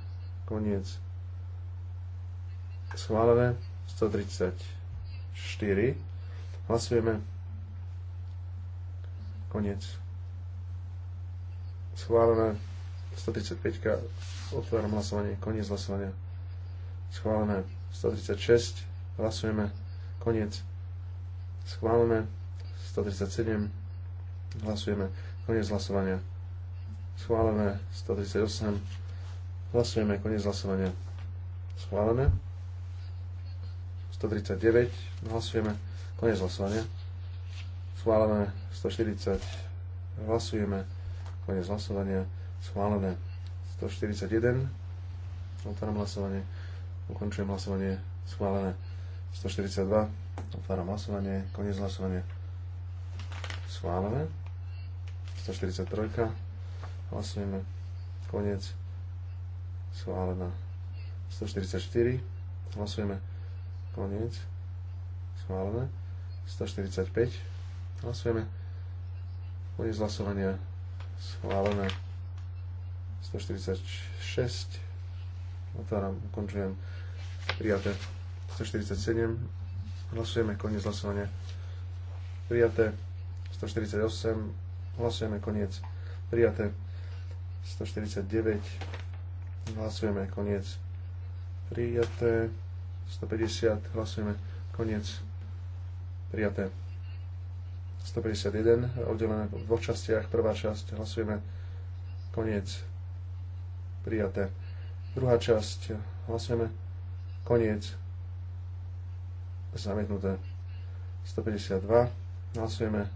Koniec. Schválené. 134. Hlasujeme. Koniec. Schválené. 135. Otváram hlasovanie. Koniec hlasovania. Schválené. 136. Hlasujeme. Koniec. Schválené. 137. Hlasujeme Koniec hlasovania. Schválené. 138. Hlasujeme. Koniec hlasovania. Schválené. 139. Hlasujeme. Koniec hlasovania. Schválené. 140. Hlasujeme. Koniec hlasovania. Schválené. 141. Otváram hlasovanie. Ukončujem hlasovanie. Schválené. 142. Otváram hlasovanie. Koniec hlasovania. Schválené. 143. Hlasujeme. Koniec. Schválená. 144. Hlasujeme. Koniec. Schválené. 145. Hlasujeme. Koniec hlasovania. Schválené. 146. Otváram, ukončujem. Prijaté. 147. Hlasujeme. Koniec hlasovania. Prijaté. 148 Hlasujeme koniec. Prijaté. 149. Hlasujeme koniec. Prijaté. 150. Hlasujeme koniec. Prijaté. 151. Oddelené v dvoch častiach. Prvá časť. Hlasujeme koniec. Prijaté. Druhá časť. Hlasujeme koniec. Zamietnuté. 152. Hlasujeme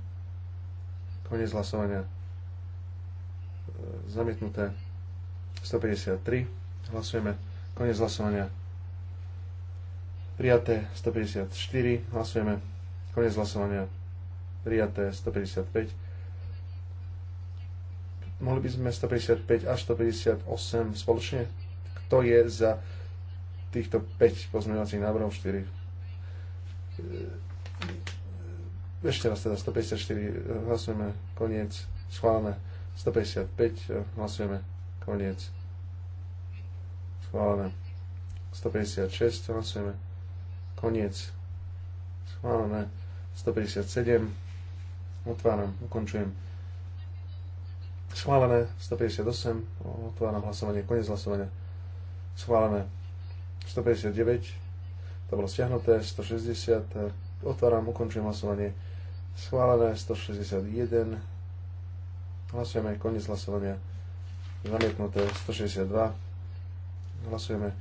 koniec hlasovania. E, zamietnuté. 153. Hlasujeme. Konec hlasovania. Prijaté 154. Hlasujeme. Konec hlasovania. Prijaté 155. Mohli by sme 155 až 158 spoločne? Kto je za týchto 5 pozmeňovacích návrhov? 4 ešte raz teda 154 eh, hlasujeme, koniec, schválené. 155 eh, hlasujeme, koniec, schválené. 156 hlasujeme, koniec, schválené. 157 otváram, ukončujem. Schválené 158, otváram hlasovanie, koniec hlasovania. Schválené 159, to bolo stiahnuté, 160, eh, otváram, ukončujem hlasovanie. Schválené 161. Hlasujeme koniec hlasovania. Zamietnuté 162. Hlasujeme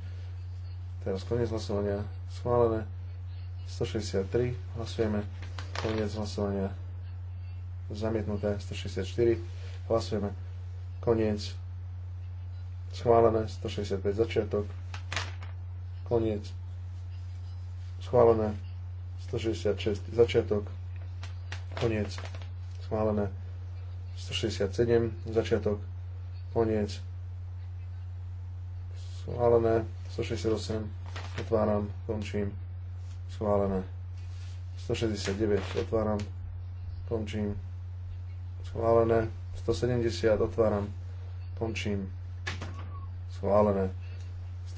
teraz koniec hlasovania. Schválené 163. Hlasujeme koniec hlasovania. Zamietnuté 164. Hlasujeme koniec. Schválené 165 začiatok. Koniec. Schválené 166 začiatok koniec, schválené. 167, začiatok, koniec, schválené. 168, otváram, končím, schválené. 169, otváram, končím, schválené. 170, otváram, končím, schválené.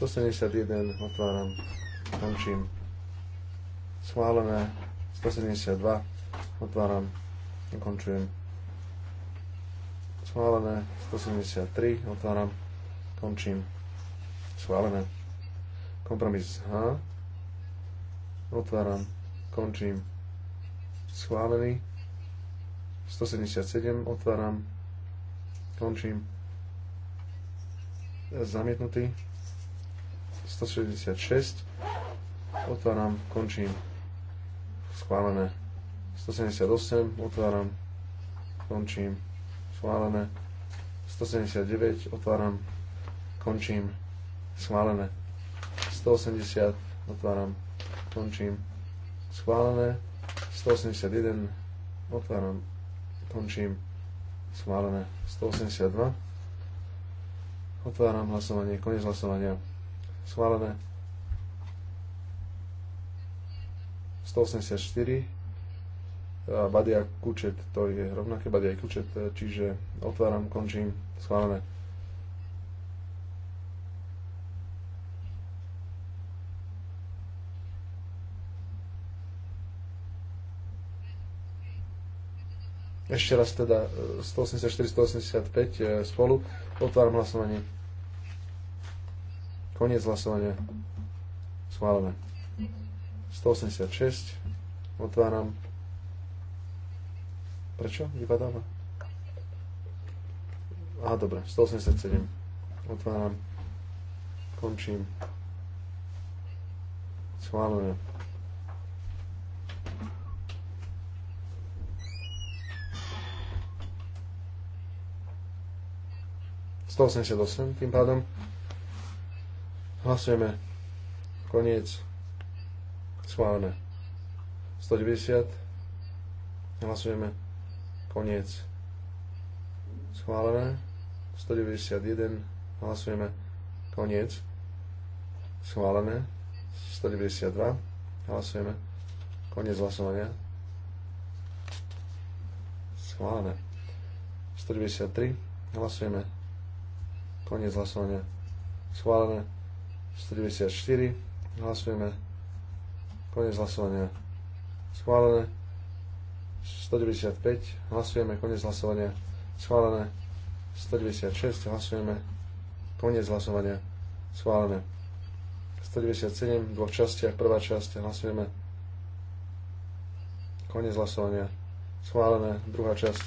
171, otváram, končím, schválené. 172, Otváram. Ukončujem. Schválené. 173. Otváram. Končím. Schválené. Kompromis H. Otváram. Končím. Schválený. 177. Otváram. Končím. Zamietnutý. 166. Otváram. Končím. Schválené. 178, otváram, končím, schválené. 179, otváram, končím, schválené. 180, otváram, končím, schválené. 181, otváram, končím, schválené. 182, otváram hlasovanie, koniec hlasovania, schválené. 184, Badia Kučet, to je rovnaké Badia Kučet, čiže otváram, končím, schválené. Ešte raz teda 184-185 e, e, spolu. Otváram hlasovanie. Koniec hlasovania. Schválené. 186. Otváram. Prečo? Vypadáva? Á, dobre, 187. Otváram. Končím. Schválené. ...188 tým pádom. Hlasujeme. Koniec. Schválené. 190. Hlasujeme. Koniec. Schválené. 191. Hlasujeme. Koniec. Schválené. 192. Hlasujeme. Koniec hlasovania. Schválené. 193. Hlasujeme. Koniec hlasovania. Schválené. 194. Hlasujeme. Koniec hlasovania. Schválené. 195, hlasujeme, koniec hlasovania, schválené. 196, hlasujeme, koniec hlasovania, schválené. 197, v dvoch častiach, prvá časť, hlasujeme, koniec hlasovania, schválené, druhá časť,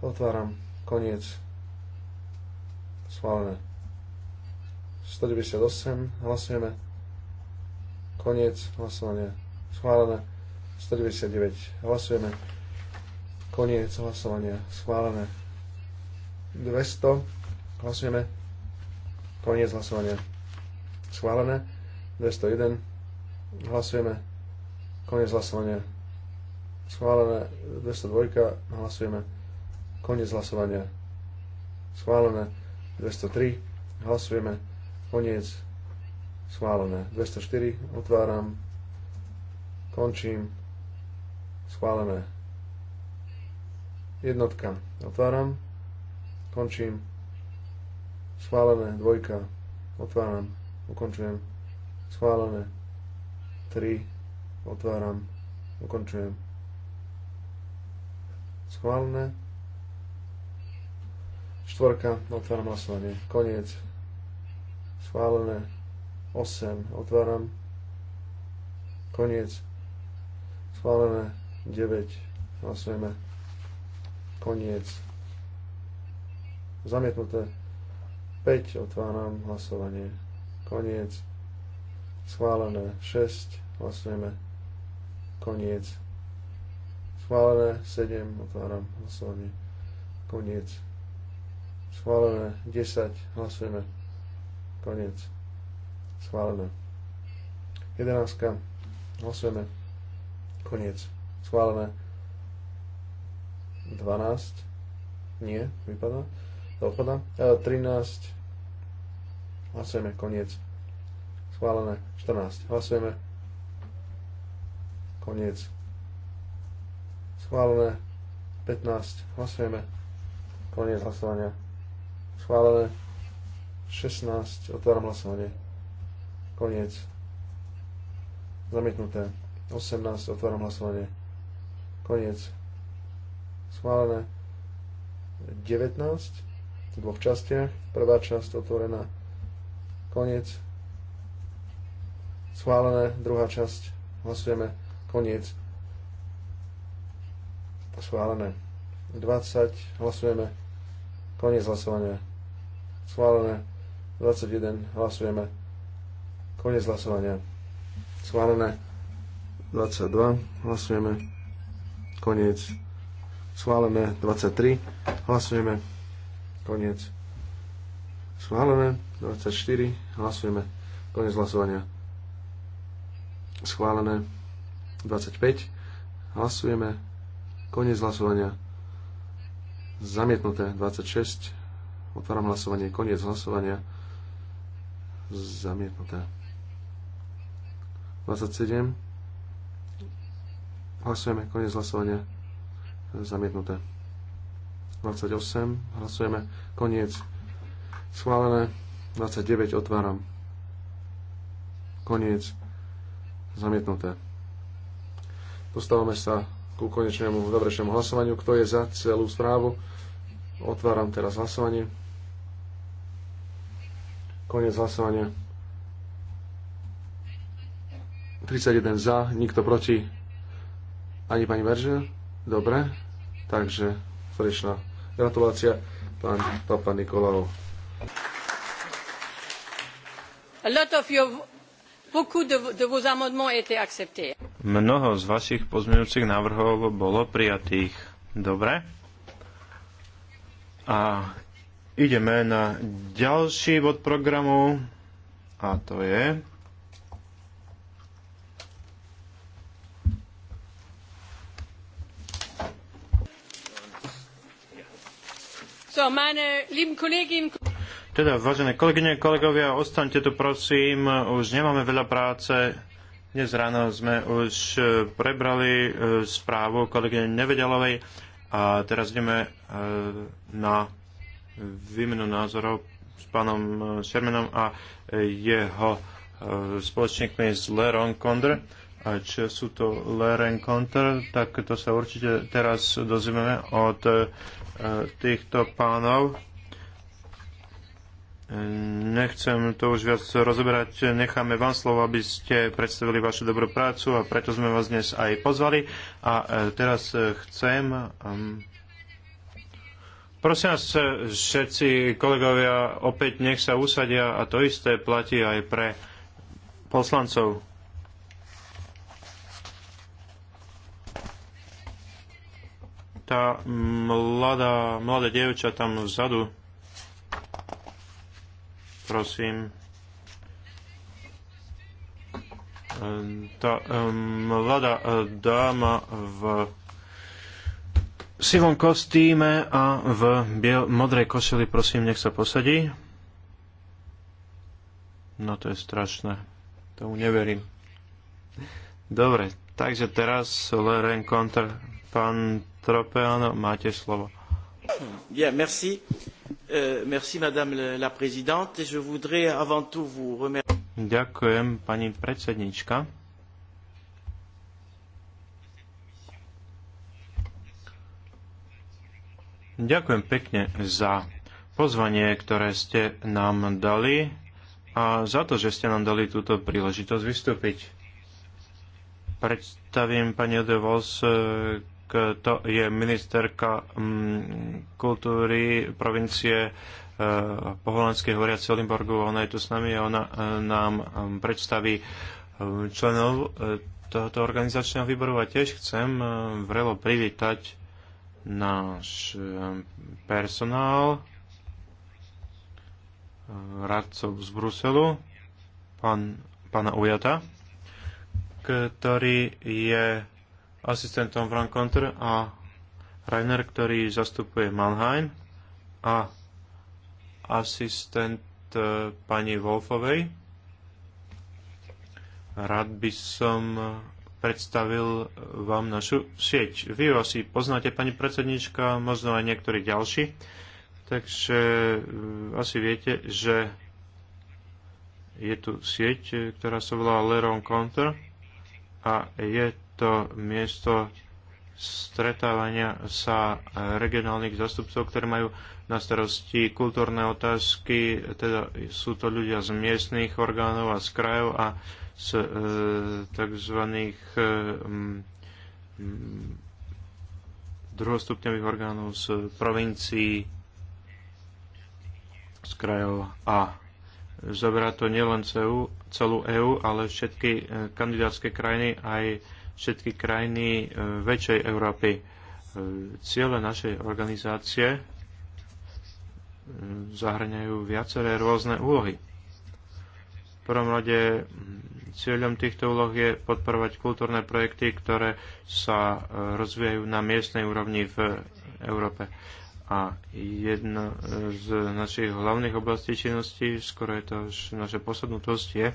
otváram, koniec, schválené. 198, hlasujeme, koniec hlasovania, schválené. 199. Hlasujeme. Koniec hlasovania. Schválené. 200. Hlasujeme. Koniec hlasovania. Schválené. 201. Hlasujeme. Koniec hlasovania. Schválené. 202. Hlasujeme. Koniec hlasovania. Schválené. 203. Hlasujeme. Koniec. Schválené. 204. Otváram. Končím. Schválené. Jednotka. Otváram. Končím. Schválené. Dvojka. Otváram. Ukončujem. Schválené. Tri. Otváram. Ukončujem. Schválené. Štvorka. Otváram hlasovanie. Koniec. Schválené. 8. Otváram. Koniec. Schválené. 9. Hlasujeme. Koniec. Zamietnuté. 5. Otváram hlasovanie. Koniec. Schválené. 6. Hlasujeme. Koniec. Schválené. 7. Otváram hlasovanie. Koniec. Schválené. 10. Hlasujeme. Koniec. Schválené. 11. Hlasujeme. Koniec. Schválené. 12. Nie, vypadá. Odpadá. 13. E, Hlasujeme, koniec. Schválené. 14. Hlasujeme. Koniec. Schválené. 15. Hlasujeme. Koniec hlasovania. Schválené. 16. Otváram hlasovanie. Koniec. Zamietnuté. 18. Otváram hlasovanie. Koniec. Schválené. 19 v dvoch častiach. Prvá časť otvorená. Koniec. Schválené. Druhá časť. Hlasujeme. Koniec. Schválené. 20. Hlasujeme. Koniec hlasovania. Schválené. 21. Hlasujeme. Koniec hlasovania. Schválené. 22. Hlasujeme koniec, schválené 23, hlasujeme, koniec, schválené 24, hlasujeme, koniec hlasovania, schválené 25, hlasujeme, koniec hlasovania, zamietnuté 26, otváram hlasovanie, koniec hlasovania, zamietnuté 27, Hlasujeme. Koniec hlasovania. Zamietnuté. 28. Hlasujeme. Koniec. Schválené. 29. Otváram. Koniec. Zamietnuté. Dostávame sa ku konečnému záverečnému hlasovaniu. Kto je za celú správu? Otváram teraz hlasovanie. Koniec hlasovania. 31 za, nikto proti, ani pani Veržia? Dobre. Takže srdečná gratulácia pán Papa Nikolau. A lot of your Mnoho z vašich pozmeňujúcich návrhov bolo prijatých. Dobre. A ideme na ďalší bod programu a to je teda, vážené kolegyne, kolegovia, ostaňte tu prosím, už nemáme veľa práce. Dnes ráno sme už e, prebrali e, správu kolegyne Nevedelovej a teraz ideme e, na výmenu názorov s pánom Šermenom a jeho spoločníkmi z Leron Condor. A čo sú to leren rencontre, tak to sa určite teraz dozvieme od e, týchto pánov. Nechcem to už viac rozoberať, necháme vám slovo, aby ste predstavili vašu dobrú prácu a preto sme vás dnes aj pozvali. A e, teraz e, chcem. Prosím vás, všetci kolegovia, opäť nech sa usadia a to isté platí aj pre poslancov. tá mladá, mladá dievča tam vzadu. Prosím. Tá mladá eh, dáma v sivom kostýme a v biel- modrej košeli, prosím, nech sa posadí. No to je strašné. Tomu neverím. Dobre, takže teraz Le Rencontre Pán Tropeano, máte slovo. Bien, merci. Euh, merci, madame la présidente. Je voudrais avant tout vous remercier. Ďakujem, pani predsednička. Ďakujem pekne za pozvanie, ktoré ste nám dali a za to, že ste nám dali túto príležitosť vystúpiť. Predstavím pani Odevols, Eh, to je ministerka mm, kultúry provincie eh, po holandsky hovoriace Olimborgu. Ona je tu s nami a ona eh, nám mm, predstaví členov tohoto organizačného výboru a tiež chcem vrelo privítať náš personál radcov z Bruselu, pán, pána Ujata, ktorý je asistentom Frank Conter a Rainer, ktorý zastupuje Mannheim a asistent e, pani Wolfovej. Rád by som predstavil vám našu sieť. Vy ju asi poznáte, pani predsednička, možno aj niektorí ďalší. Takže e, asi viete, že je tu sieť, e, ktorá sa volá Leron Counter a je to miesto stretávania sa regionálnych zastupcov, ktorí majú na starosti kultúrne otázky, teda sú to ľudia z miestnych orgánov a z krajov a z e, tzv. E, druhostupňových orgánov z provincií, z krajov a zoberá to nielen celú, celú EÚ, ale všetky e, kandidátske krajiny aj e, všetky krajiny e, väčšej Európy. E, ciele našej organizácie e, zahrňajú viaceré rôzne úlohy. V prvom rade cieľom týchto úloh je podporovať kultúrne projekty, ktoré sa rozvíjajú na miestnej úrovni v Európe. A jedna z našich hlavných oblastí činnosti, skoro je to naše posadnutosť, je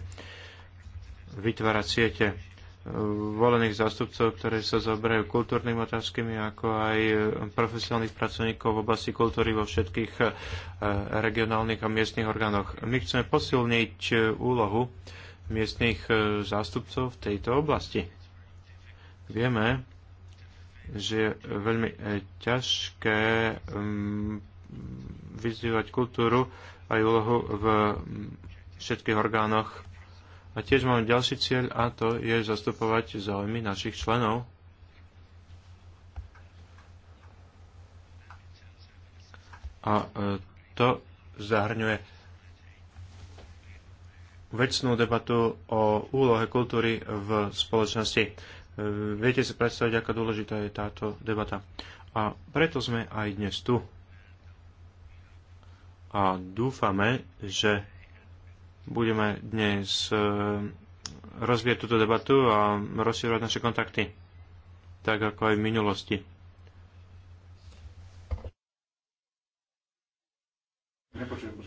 vytvárať siete volených zástupcov, ktorí sa zaoberajú kultúrnymi otázkami, ako aj profesionálnych pracovníkov v oblasti kultúry vo všetkých eh, regionálnych a miestnych orgánoch. My chceme posilniť úlohu miestnych eh, zástupcov v tejto oblasti. Vieme, že je veľmi eh, ťažké mm, vyzývať kultúru aj úlohu v mm, všetkých orgánoch a tiež máme ďalší cieľ a to je zastupovať záujmy našich členov. A e, to zahrňuje vecnú debatu o úlohe kultúry v spoločnosti. E, viete si predstaviť, aká dôležitá je táto debata. A preto sme aj dnes tu. A dúfame, že budeme dnes e, rozvieť túto debatu a rozširovať naše kontakty, tak ako aj v minulosti.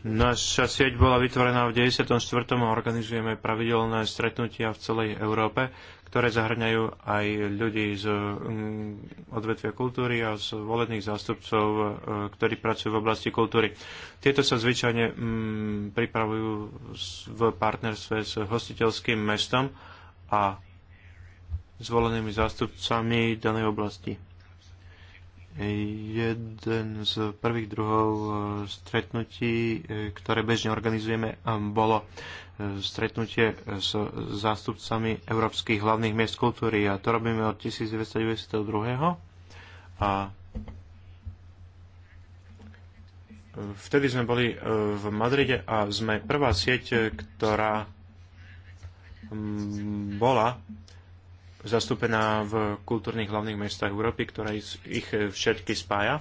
Naša sieť bola vytvorená v 94. a organizujeme pravidelné stretnutia v celej Európe, ktoré zahrňajú aj ľudí z mm, odvetvia kultúry a z volených zástupcov, e, ktorí pracujú v oblasti kultúry. Tieto sa zvyčajne mm, pripravujú v partnerstve s hostiteľským mestom a zvolenými zástupcami danej oblasti jeden z prvých druhov e, stretnutí, e, ktoré bežne organizujeme, e, bolo stretnutie s zástupcami európskych hlavných miest kultúry a to robíme od 1992. A vtedy sme boli v Madride a sme prvá sieť, ktorá bola zastúpená v kultúrnych hlavných mestách Európy, ktorá ich všetky spája.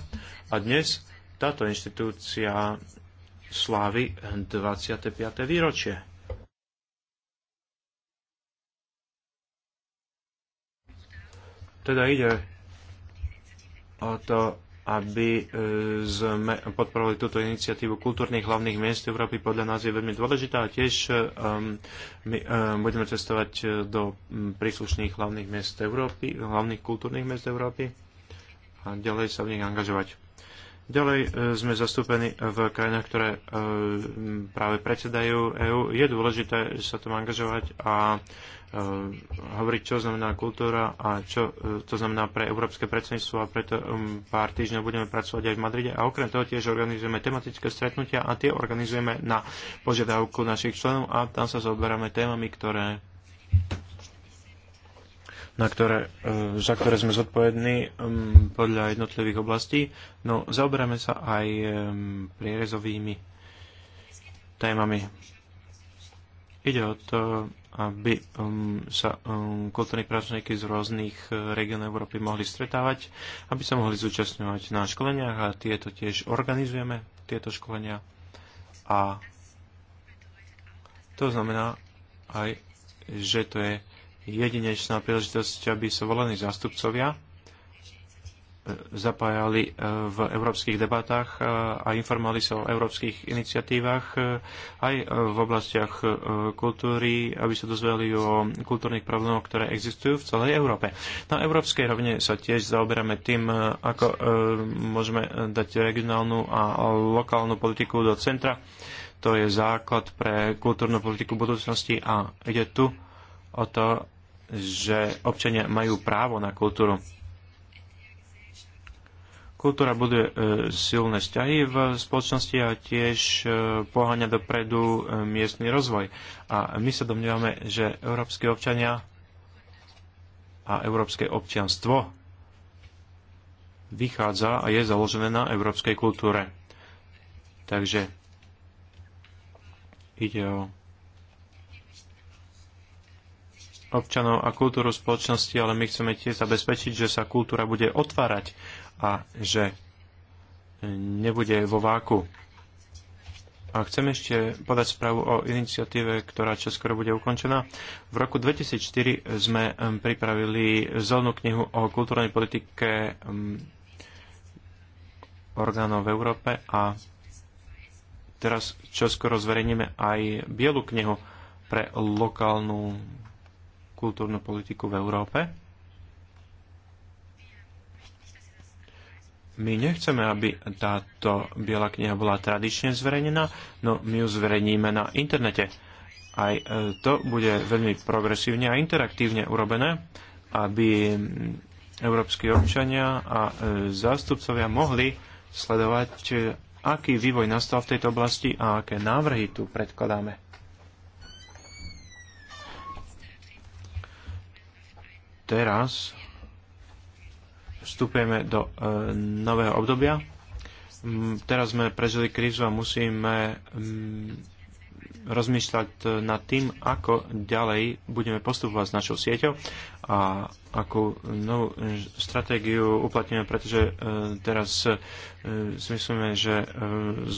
A dnes táto inštitúcia slávy 25. výročie. Teda ide o to, aby e, sme podporovali túto iniciatívu kultúrnych hlavných miest Európy. Podľa nás je veľmi dôležitá a tiež e, my e, budeme cestovať do príslušných hlavných miest Európy, hlavných kultúrnych miest Európy a ďalej sa v nich angažovať. Ďalej e, sme zastúpení v krajinách, ktoré e, práve predsedajú EÚ. Je dôležité sa tam angažovať a e, hovoriť, čo znamená kultúra a čo to znamená pre európske predsedníctvo a preto pár týždňov budeme pracovať aj v Madride a okrem toho tiež organizujeme tematické stretnutia a tie organizujeme na požiadavku našich členov a tam sa zoberáme témami, ktoré na ktoré, e, za ktoré sme zodpovední e, podľa jednotlivých oblastí. No, zaoberáme sa aj e, prierezovými témami. Ide o to, aby sa kultúrni pracovníky z rôznych uh, regionov Európy mohli stretávať, aby sa mohli zúčastňovať na školeniach a tieto tiež organizujeme, tieto školenia. A to znamená aj, že to je jedinečná príležitosť, aby sa volení zástupcovia e, zapájali e, v európskych debatách e, a informovali sa o európskych iniciatívach aj v oblastiach kultúry, aby sa dozvedeli o kultúrnych problémoch, ktoré existujú v celej Európe. Na európskej rovne sa tiež zaoberáme tým, ako môžeme dať regionálnu a lokálnu politiku do centra. To je základ pre kultúrnu politiku budúcnosti a ide tu o to, že občania majú právo na kultúru. Kultúra buduje e, silné vzťahy v spoločnosti a tiež e, poháňa dopredu e, miestny rozvoj. A my sa domnívame, že európske občania a európske občianstvo vychádza a je založené na európskej kultúre. Takže ide o občanov a kultúru spoločnosti, ale my chceme tiež zabezpečiť, že sa kultúra bude otvárať a že nebude vo váku. A chcem ešte podať správu o iniciatíve, ktorá čoskoro bude ukončená. V roku 2004 sme pripravili zelenú knihu o kultúrnej politike orgánov v Európe a teraz čoskoro zverejníme aj bielu knihu pre lokálnu kultúrnu politiku v Európe. My nechceme, aby táto biela kniha bola tradične zverejnená, no my ju zverejníme na internete. Aj e, to bude veľmi progresívne a interaktívne urobené, aby európsky občania a e, zástupcovia mohli sledovať, e, aký vývoj nastal v tejto oblasti a aké návrhy tu predkladáme. teraz vstupujeme do e, nového obdobia. Teraz sme prežili krízu a musíme rozmýšľať nad tým, ako ďalej budeme postupovať s našou sieťou a akú novú e, stratégiu uplatníme, pretože e, teraz si myslíme, že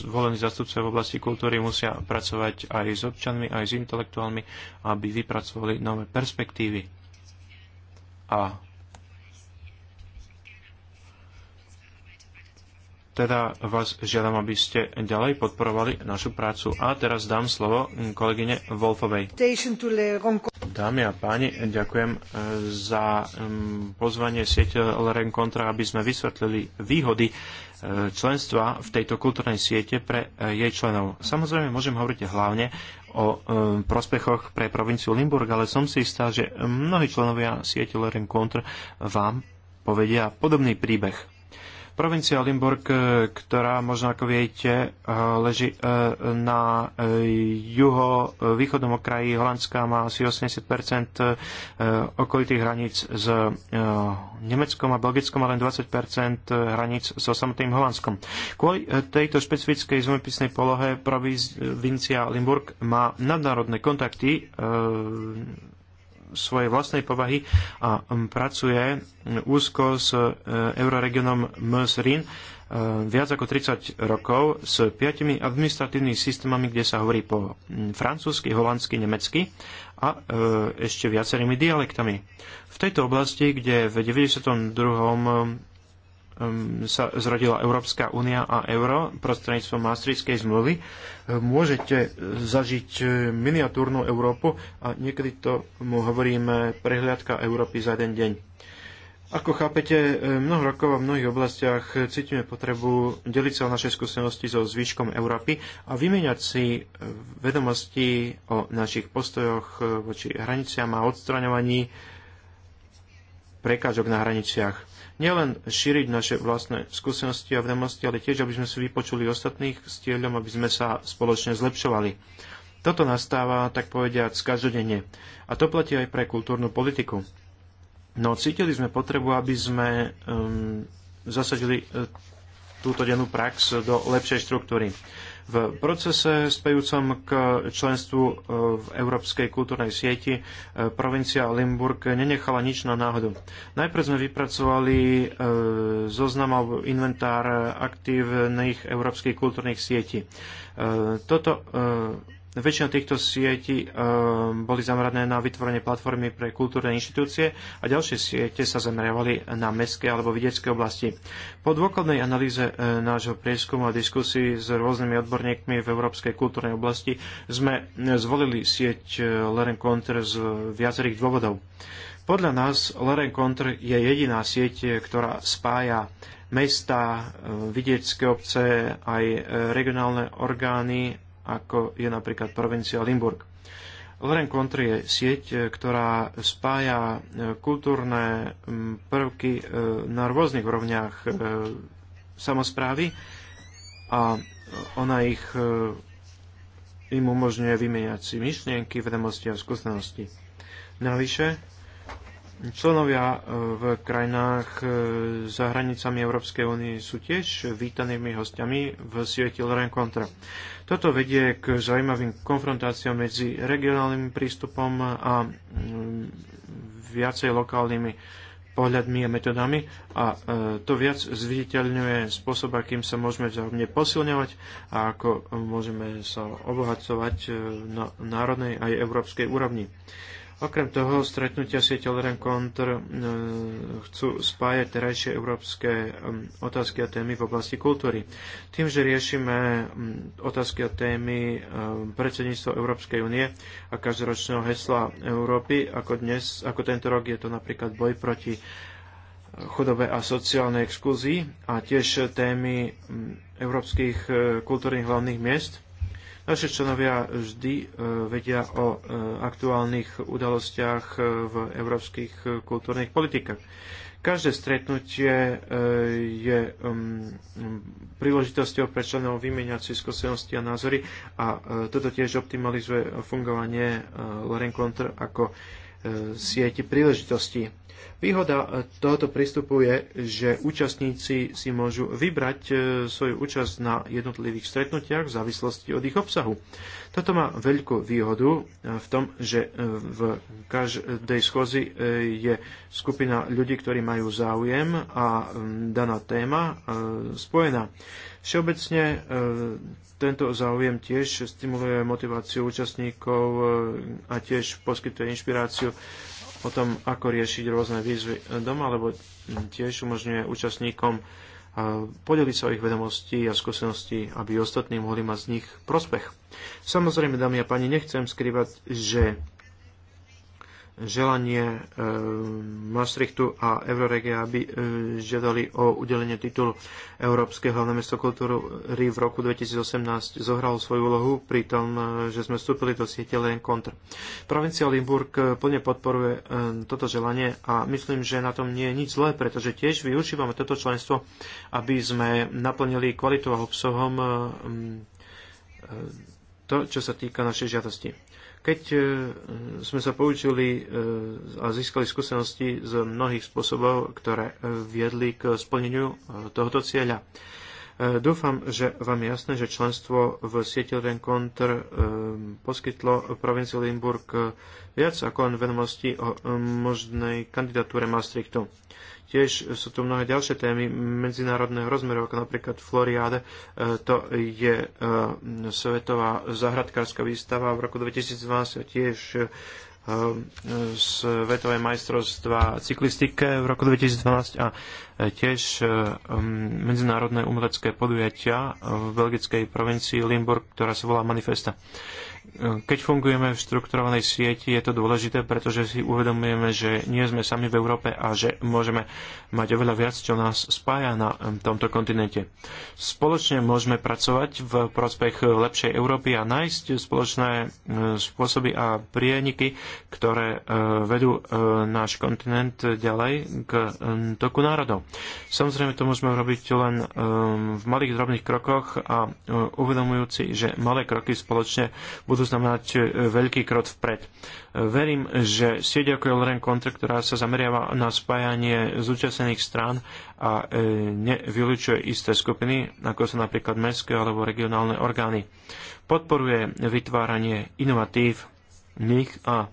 zvolení zastupcovia v oblasti kultúry musia pracovať aj s občanmi, aj s intelektuálmi, aby vypracovali nové perspektívy a teda vás žiadam, aby ste ďalej podporovali našu prácu. A teraz dám slovo kolegyne Wolfovej. Dámy a páni, ďakujem e, za pozvanie siete Leren Contra, aby sme vysvetlili výhody e, členstva v tejto kultúrnej siete pre e, jej členov. Samozrejme, môžem hovoriť hlavne o e, prospechoch pre provinciu Limburg, ale som si istá, že mnohí členovia siete Leren Counter vám povedia podobný príbeh. Provincia Limburg, e, ktorá možno ako viete, e, leží e, na juho-východnom okraji Holandska, má asi 80 okolitých hraníc s Nemeckom a Belgickom a len 20 hraníc so samotným Holandskom. Kvôli tejto špecifickej zemepisnej polohe provincia Limburg má nadnárodné kontakty svojej vlastnej povahy a um, pracuje um, úzko s uh, euroregionom MSRIN uh, viac ako 30 rokov s piatimi administratívnymi systémami, kde sa hovorí po um, francúzsky, holandsky, nemecky a uh, ešte viacerými dialektami. V tejto oblasti, kde v 92 Ehm, sa zrodila Európska únia a euro prostredníctvom Maastrichtskej zmluvy, ehm, môžete zažiť ehm, miniatúrnu Európu a niekedy to mu hovoríme prehliadka Európy za jeden deň. Ako chápete, mnoho rokov v mnohých oblastiach cítime potrebu deliť sa o naše skúsenosti so zvyškom Európy a vymeniať si vedomosti o našich postojoch voči hraniciam a odstraňovaní prekážok na hraniciach nielen šíriť naše vlastné skúsenosti a vedomosti, ale tiež, aby sme si vypočuli ostatných s cieľom, aby sme sa spoločne zlepšovali. Toto nastáva, tak povediať, každodenne. A to platí aj pre kultúrnu politiku. No, cítili sme potrebu, aby sme um, zasadili e, túto dennú prax do lepšej štruktúry. V procese spejúcom k členstvu e, v Európskej kultúrnej sieti e, provincia Limburg nenechala nič na náhodu. Najprv sme vypracovali e, zoznam alebo inventár aktívnych európskych kultúrnych sietí. Toto Väčšina týchto sietí eh, boli zamerané na vytvorenie platformy pre kultúrne inštitúcie a ďalšie siete sa zameriavali na mestské alebo vidiecké oblasti. Po dôkladnej analýze eh, nášho prieskumu a diskusii s rôznymi odborníkmi v európskej kultúrnej oblasti sme eh, zvolili sieť Leren Counter z viacerých dôvodov. Podľa nás Leren Counter je jediná sieť, ktorá spája mesta, vidiecké obce, aj regionálne orgány ako je napríklad provincia Limburg. Loren Country je sieť, e, ktorá spája e, kultúrne prvky e, na rôznych rovniach samozprávy a ona ich im umožňuje vymieňať si myšlienky, vedomosti a skúsenosti. Navyše, Členovia e, v krajinách e, za hranicami Európskej únie sú tiež vítanými hostiami v sieti Rencontre. Toto vedie k zaujímavým konfrontáciám medzi regionálnym prístupom a viacej lokálnymi pohľadmi a metodami a e, to viac zviditeľňuje spôsob, akým sa môžeme vzájomne posilňovať a ako môžeme sa obohacovať na národnej aj európskej úrovni. Okrem toho, stretnutia sieťou Leran Kontr e, chcú spájať terajšie európske otázky a témy v oblasti kultúry. Tým, že riešime otázky a témy predsedníctva Európskej únie a každoročného hesla Európy, ako dnes, ako tento rok je to napríklad boj proti e, chudobe a sociálnej exkluzii a tiež témy európskych e, kultúrnych hlavných miest, Naši členovia vždy e, vedia o e, aktuálnych udalostiach e, v európskych kultúrnych politikách. Každé stretnutie je um, príležitosťou pre členov vymeniať si skúsenosti a názory a toto tiež optimalizuje fungovanie Lorencontr ako sieti príležitostí Výhoda e, tohoto prístupu je, že účastníci si môžu vybrať e, svoju účasť na jednotlivých stretnutiach v závislosti od ich obsahu. Toto má veľkú výhodu e, v tom, že v každej schozi je skupina ľudí, ktorí majú záujem a daná téma spojená. Všeobecne tento záujem tiež stimuluje motiváciu účastníkov a tiež poskytuje inšpiráciu o tom, ako riešiť rôzne výzvy doma, lebo tiež umožňuje účastníkom eh, podeliť sa o ich vedomostí a skúseností, aby ostatní mohli mať z nich prospech. Samozrejme, dámy a páni, nechcem skrývať, že želanie eh, Maastrichtu a Euroregia, aby eh, žiadali o udelenie titulu Európskeho hlavné mesto kultúry v roku 2018 zohralo svoju úlohu pri tom, eh, že sme vstúpili do siete len kontr. Provincia Limburg plne podporuje toto želanie a myslím, že na tom nie je nič zlé, pretože tiež využívame toto členstvo, aby sme naplnili kvalitou a obsahom mm, to, čo sa týka našej žiadosti. Keď e, sme sa poučili e, a získali skúsenosti z mnohých spôsobov, ktoré e, viedli k splneniu tohoto cieľa. Dúfam, že vám je jasné, že členstvo v sieti Renkontr poskytlo provincii Limburg viac ako len vedomosti o možnej kandidatúre Maastrichtu. Tiež sú tu mnohé ďalšie témy medzinárodného rozmeru, ako napríklad Floriade. E, to je e, svetová zahradkárska výstava v roku 2012 tiež e, svetové majstrovstva cyklistike v roku 2012 a tiež medzinárodné umelecké podujatia v belgickej provincii Limburg, ktorá sa volá Manifesta keď fungujeme v štrukturovanej sieti, je to dôležité, pretože si uvedomujeme, že nie sme sami v Európe a že môžeme mať oveľa viac, čo nás spája na tomto kontinente. Spoločne môžeme pracovať v prospech lepšej Európy a nájsť spoločné spôsoby a prieniky, ktoré eh, vedú eh, náš kontinent ďalej k toku národov. Samozrejme, to môžeme robiť len v malých drobných krokoch a eh, uvedomujúci, že malé kroky spoločne budú budú znamenať e, veľký krok vpred. E, verím, že sieť ako je Loren Contract, ktorá sa zameriava na spájanie zúčastnených strán a e, nevylučuje isté skupiny, ako sú napríklad mestské alebo regionálne orgány, podporuje vytváranie inovatívnych a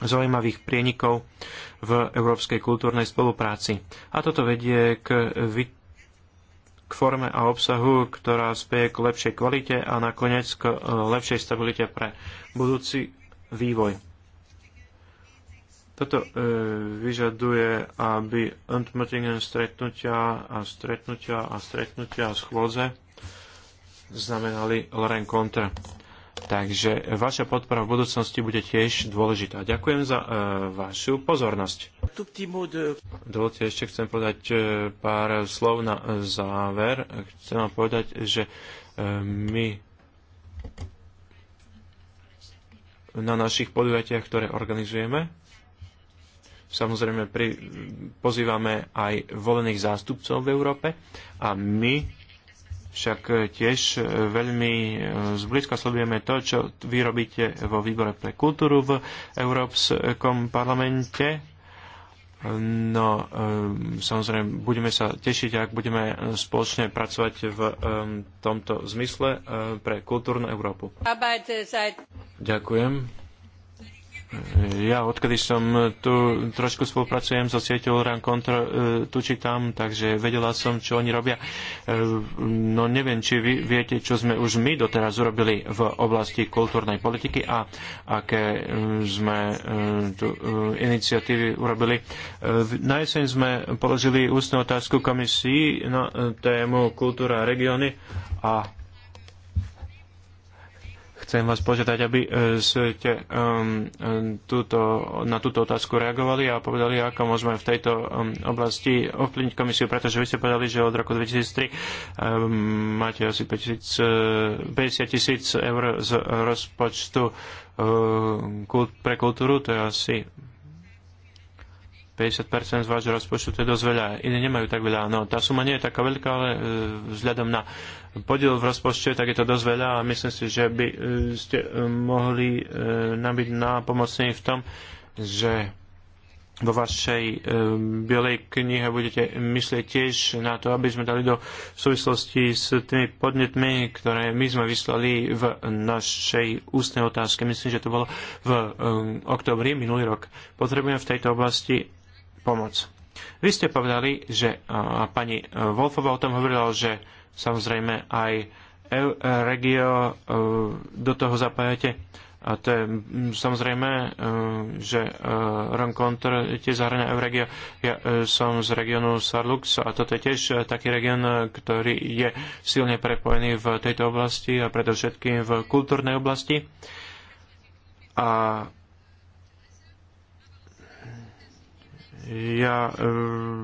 zaujímavých prienikov v európskej kultúrnej spolupráci. A toto vedie k vytváraniu k forme a obsahu, ktorá spieje k lepšej kvalite a nakoniec k e, lepšej stabilite pre budúci vývoj. Toto e, vyžaduje, aby Entmettingen stretnutia a stretnutia a stretnutia a schôdze znamenali Loren Contra. Takže vaša podpora v budúcnosti bude tiež dôležitá. Ďakujem za e, vašu pozornosť. Dovolte, ešte chcem povedať e, pár slov na e, záver. Chcem vám povedať, že e, my na našich podujatiach, ktoré organizujeme, samozrejme pri, pozývame aj volených zástupcov v Európe a my však e, tiež e, veľmi e, zblízka sledujeme to, čo vy robíte vo výbore pre kultúru v Európskom parlamente. No, samozrejme, budeme sa tešiť, ak budeme spoločne pracovať v tomto zmysle pre kultúrnu Európu. Ďakujem. Ja odkedy som tu trošku spolupracujem so sieťou Run Control, e, tu tam, takže vedela som, čo oni robia. E, no neviem, či vy viete, čo sme už my doteraz urobili v oblasti kultúrnej politiky a aké e, sme tu iniciatívy urobili. Na jeseň sme položili ústnu otázku komisii na tému kultúra a regióny a chcem vás požiadať, aby e, ste um, túto, na túto otázku reagovali a povedali, ako môžeme v tejto um, oblasti ovplyvniť komisiu, pretože vy ste povedali, že od roku 2003 um, máte asi 50 e, tisíc eur z rozpočtu um, pre kultúru, to je asi 50% z vášho rozpočtu, to je dosť veľa. Iní nemajú tak veľa. No, tá suma nie je taká veľká, ale e, vzhľadom na podiel v rozpočte, tak je to dosť veľa a myslím si, že by e, ste e, mohli nám byť nápomocní v tom, že vo vašej bielej knihe budete myslieť tiež na to, aby sme dali do súvislosti s tými podnetmi, ktoré my sme vyslali v našej ústnej otázke. Myslím, že to bolo v oktobri minulý rok. Potrebujeme v tejto oblasti pomoc. Vy ste povedali, že a pani e, Wolfová o tom hovorila, že samozrejme aj e, regio e, do toho zapájate. A to je samozrejme, že Ron Conter tiež zahrania Euregio. Ja som z regionu Sarlux a toto je tiež taký region, ktorý je silne prepojený v tejto oblasti a predovšetkým v kultúrnej oblasti. A ja e,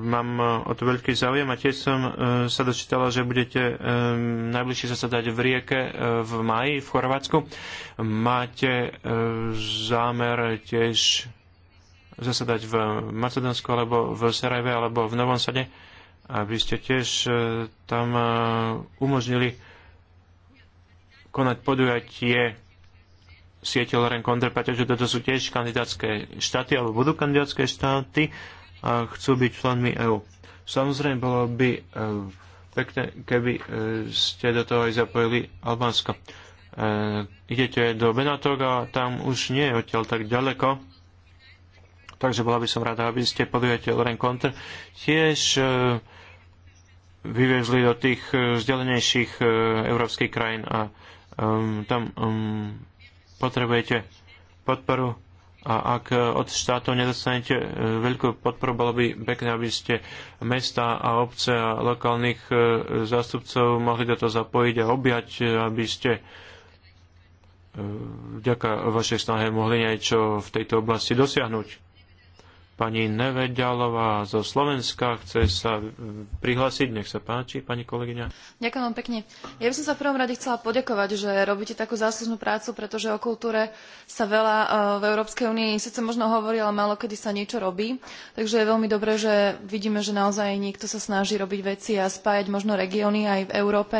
mám e, o to veľký záujem a tiež som e, sa dočítala, že budete e, najbližšie zasadať v rieke e, v maji v Chorvátsku. Máte e, zámer tiež zasadať v Macedónsku alebo v Sarajeve alebo v Novom Sade, aby ste tiež e, tam e, umožnili konať podujatie siete Loren Kondre, pretože toto sú tiež kandidátske štáty, alebo budú kandidátske štáty a chcú byť členmi EÚ. Samozrejme, bolo by e, pekné, keby e, ste do toho aj zapojili Albánsko. E, Idete do Benatok a tam už nie je odtiaľ tak ďaleko. Takže bola by som rada, aby ste podujete Loren Kondre. tiež vyviezli do tých vzdelenejších európskych krajín a um, tam um, potrebujete podporu a ak od štátov nedostanete e, veľkú podporu, bolo by pekné, aby ste mesta a obce a lokálnych e, zástupcov mohli do toho zapojiť a objať, e, aby ste vďaka vašej snahe mohli niečo v tejto oblasti dosiahnuť. Pani Nevedalová zo Slovenska chce sa prihlásiť. Nech sa páči, pani kolegyňa. Ďakujem vám pekne. Ja by som sa v prvom rade chcela poďakovať, že robíte takú záslužnú prácu, pretože o kultúre sa veľa e, v Európskej únii síce možno hovorí, ale málo kedy sa niečo robí. Takže je veľmi dobré, že vidíme, že naozaj niekto sa snaží robiť veci a spájať možno regióny aj v Európe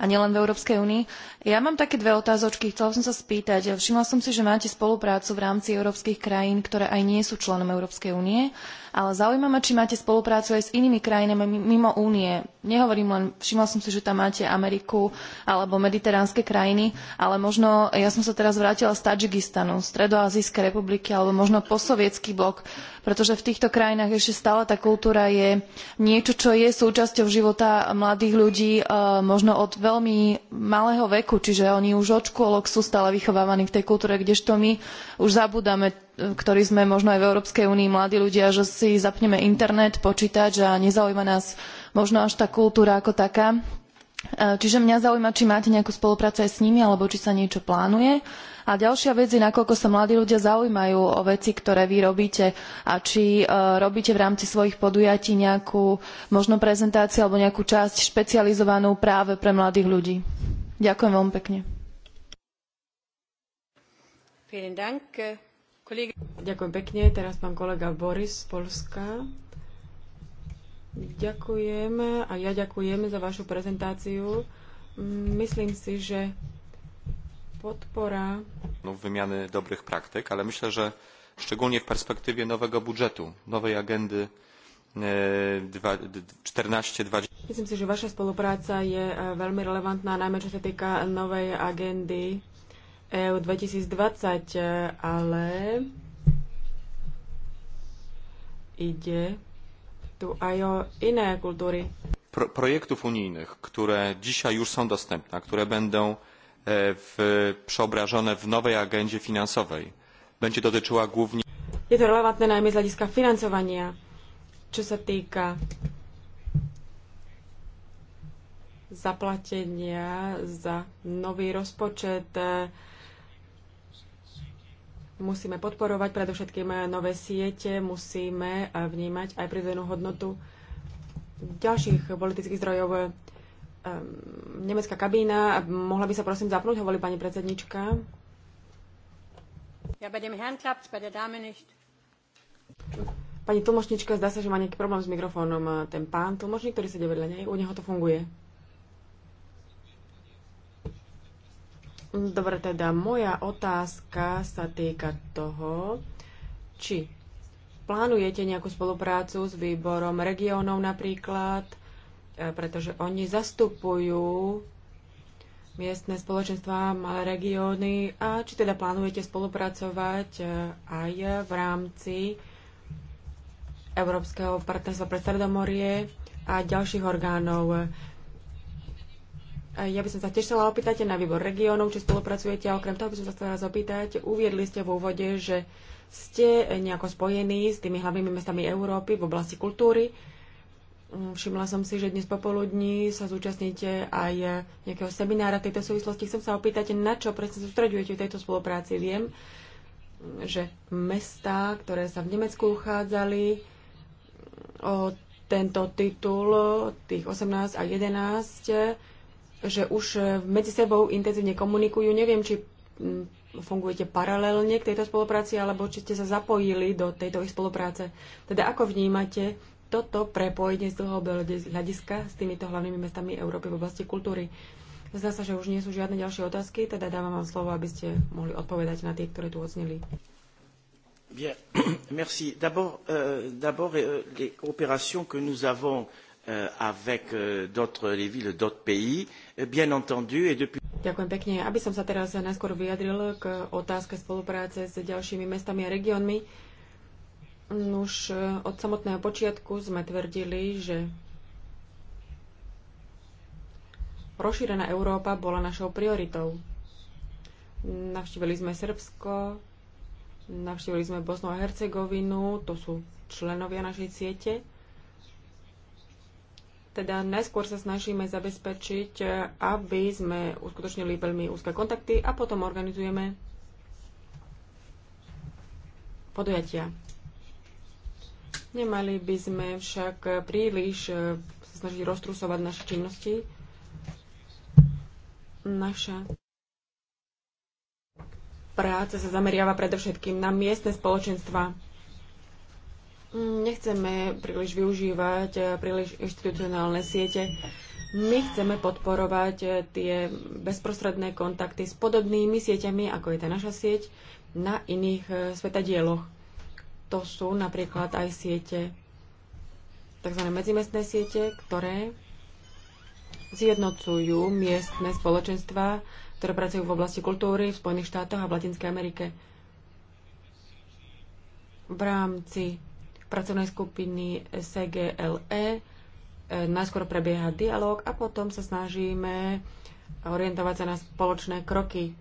a nielen v Európskej únii. Ja mám také dve otázočky. Chcela som sa spýtať. Všimla som si, že máte spoluprácu v rámci európskych krajín, ktoré aj nie sú členom Európskej únie únie ale zaujíma ma, či máte spoluprácu aj s inými krajinami mimo únie. Nehovorím len, všimla som si, že tam máte Ameriku alebo mediteránske krajiny, ale možno, ja som sa teraz vrátila z Tadžikistanu, Stredoazijskej republiky alebo možno posovietský blok, pretože v týchto krajinách ešte stále tá kultúra je niečo, čo je súčasťou života mladých ľudí e, možno od veľmi malého veku, čiže oni už od škôlok sú stále vychovávaní v tej kultúre, kdežto my už zabudáme, e, ktorí sme možno aj v Európskej únii mladí ľudia, že si zapneme internet, počítač a nezaujíma nás možno až tá kultúra ako taká. E, čiže mňa zaujíma, či máte nejakú spoluprácu aj s nimi, alebo či sa niečo plánuje. A ďalšia vec je, nakoľko sa mladí ľudia zaujímajú o veci, ktoré vy robíte a či e, robíte v rámci svojich podujatí nejakú možno prezentáciu alebo nejakú časť špecializovanú práve pre mladých ľudí. Ďakujem veľmi pekne. Ďakujem pekne. Teraz pán kolega Boris z Polska. Ďakujem a ja ďakujem za vašu prezentáciu. Myslím si, že podpora... No, ...vymiany dobrych praktyk, ale myślę, że szczególnie w perspektywie nowego budżetu, nowej agendy 14-20... E, Myslím si, že vaša spolupráca je e, veľmi relevantná, najmä čo sa týka novej agendy EU 2020, e, ale ide tu aj o iné kultury. Pro, projektów unijnych, które dzisiaj już są dostępne, które będą e, w, przeobrażone w nowej agendzie finansowej, będzie dotyczyła głównie... Jest to relevantne najmä z hľadiska finansowania, čo się týka zaplatenia za rozpoczet e, Musíme podporovať predovšetkým nové siete, musíme eh, vnímať aj pridanú hodnotu ďalších politických zdrojov. Nemecká kabína, mohla by sa prosím zapnúť, hovorí pani predsednička. Ja, bei dem Herrn klappt, bei der Dame nicht. Pani tlmočnička, zdá sa, že má nejaký problém s mikrofónom. Eh, ten pán tlmočník, ktorý sedí vedľa nej, u neho to funguje. Dobre, teda moja otázka sa týka toho, či plánujete nejakú spoluprácu s výborom regiónov napríklad, e, pretože oni zastupujú miestne spoločenstva, malé regióny a či teda plánujete spolupracovať e, aj v rámci Európskeho partnerstva pre Stredomorie a ďalších orgánov. Ja by som sa tiež chcela opýtať na výbor regiónov, či spolupracujete a okrem toho by som sa chcela opýtať, uviedli ste v úvode, že ste nejako spojení s tými hlavnými mestami Európy v oblasti kultúry. Mm, všimla som si, že dnes popoludní sa zúčastníte aj nejakého seminára v tejto súvislosti. Chcem sa opýtať, na čo presne sústredujete v tejto spolupráci. Viem, že mesta, ktoré sa v Nemecku uchádzali o tento titul, tých 18 a 11, že už e, medzi sebou intenzívne komunikujú. Neviem, či fungujete paralelne k tejto spolupráci, alebo či ste sa zapojili do tejto ich spolupráce. Teda ako vnímate toto prepojenie z dlhodobého hľadiska s týmito hlavnými mestami Európy v oblasti kultúry? Zdá sa, že už nie sú žiadne ďalšie otázky, teda dávam vám slovo, aby ste mohli odpovedať na tie, ktoré tu odzneli. Bien, merci. D'abord, euh, d'abord euh, les coopérations que nous avons euh, avec euh, d'autres, villes d'autres pays, bien entendu, et depuis... Ďakujem pekne. Aby som sa teraz najskôr vyjadril k otázke spolupráce s ďalšími mestami a regiónmi, už od samotného počiatku sme tvrdili, že rozšírená Európa bola našou prioritou. Navštívili sme Srbsko, navštívili sme Bosnu a Hercegovinu, to sú členovia našej siete. Teda najskôr sa snažíme zabezpečiť, e, aby sme uskutočnili veľmi úzke kontakty a potom organizujeme podujatia. Nemali by sme však príliš e, sa snažiť roztrusovať naše činnosti. Naša práca sa zameriava predovšetkým na miestne spoločenstva Mm, nechceme príliš využívať eh, príliš inštitucionálne siete. My chceme podporovať eh, tie bezprostredné kontakty s podobnými sieťami, ako je tá naša sieť, na iných eh, svetadieloch. To sú napríklad aj siete, tzv. medzimestné siete, ktoré zjednocujú miestne spoločenstva, ktoré pracujú v oblasti kultúry v Spojených štátoch a v Latinskej Amerike. V rámci pracovnej skupiny SGLE. E, najskôr prebieha dialog a potom sa snažíme orientovať sa na spoločné kroky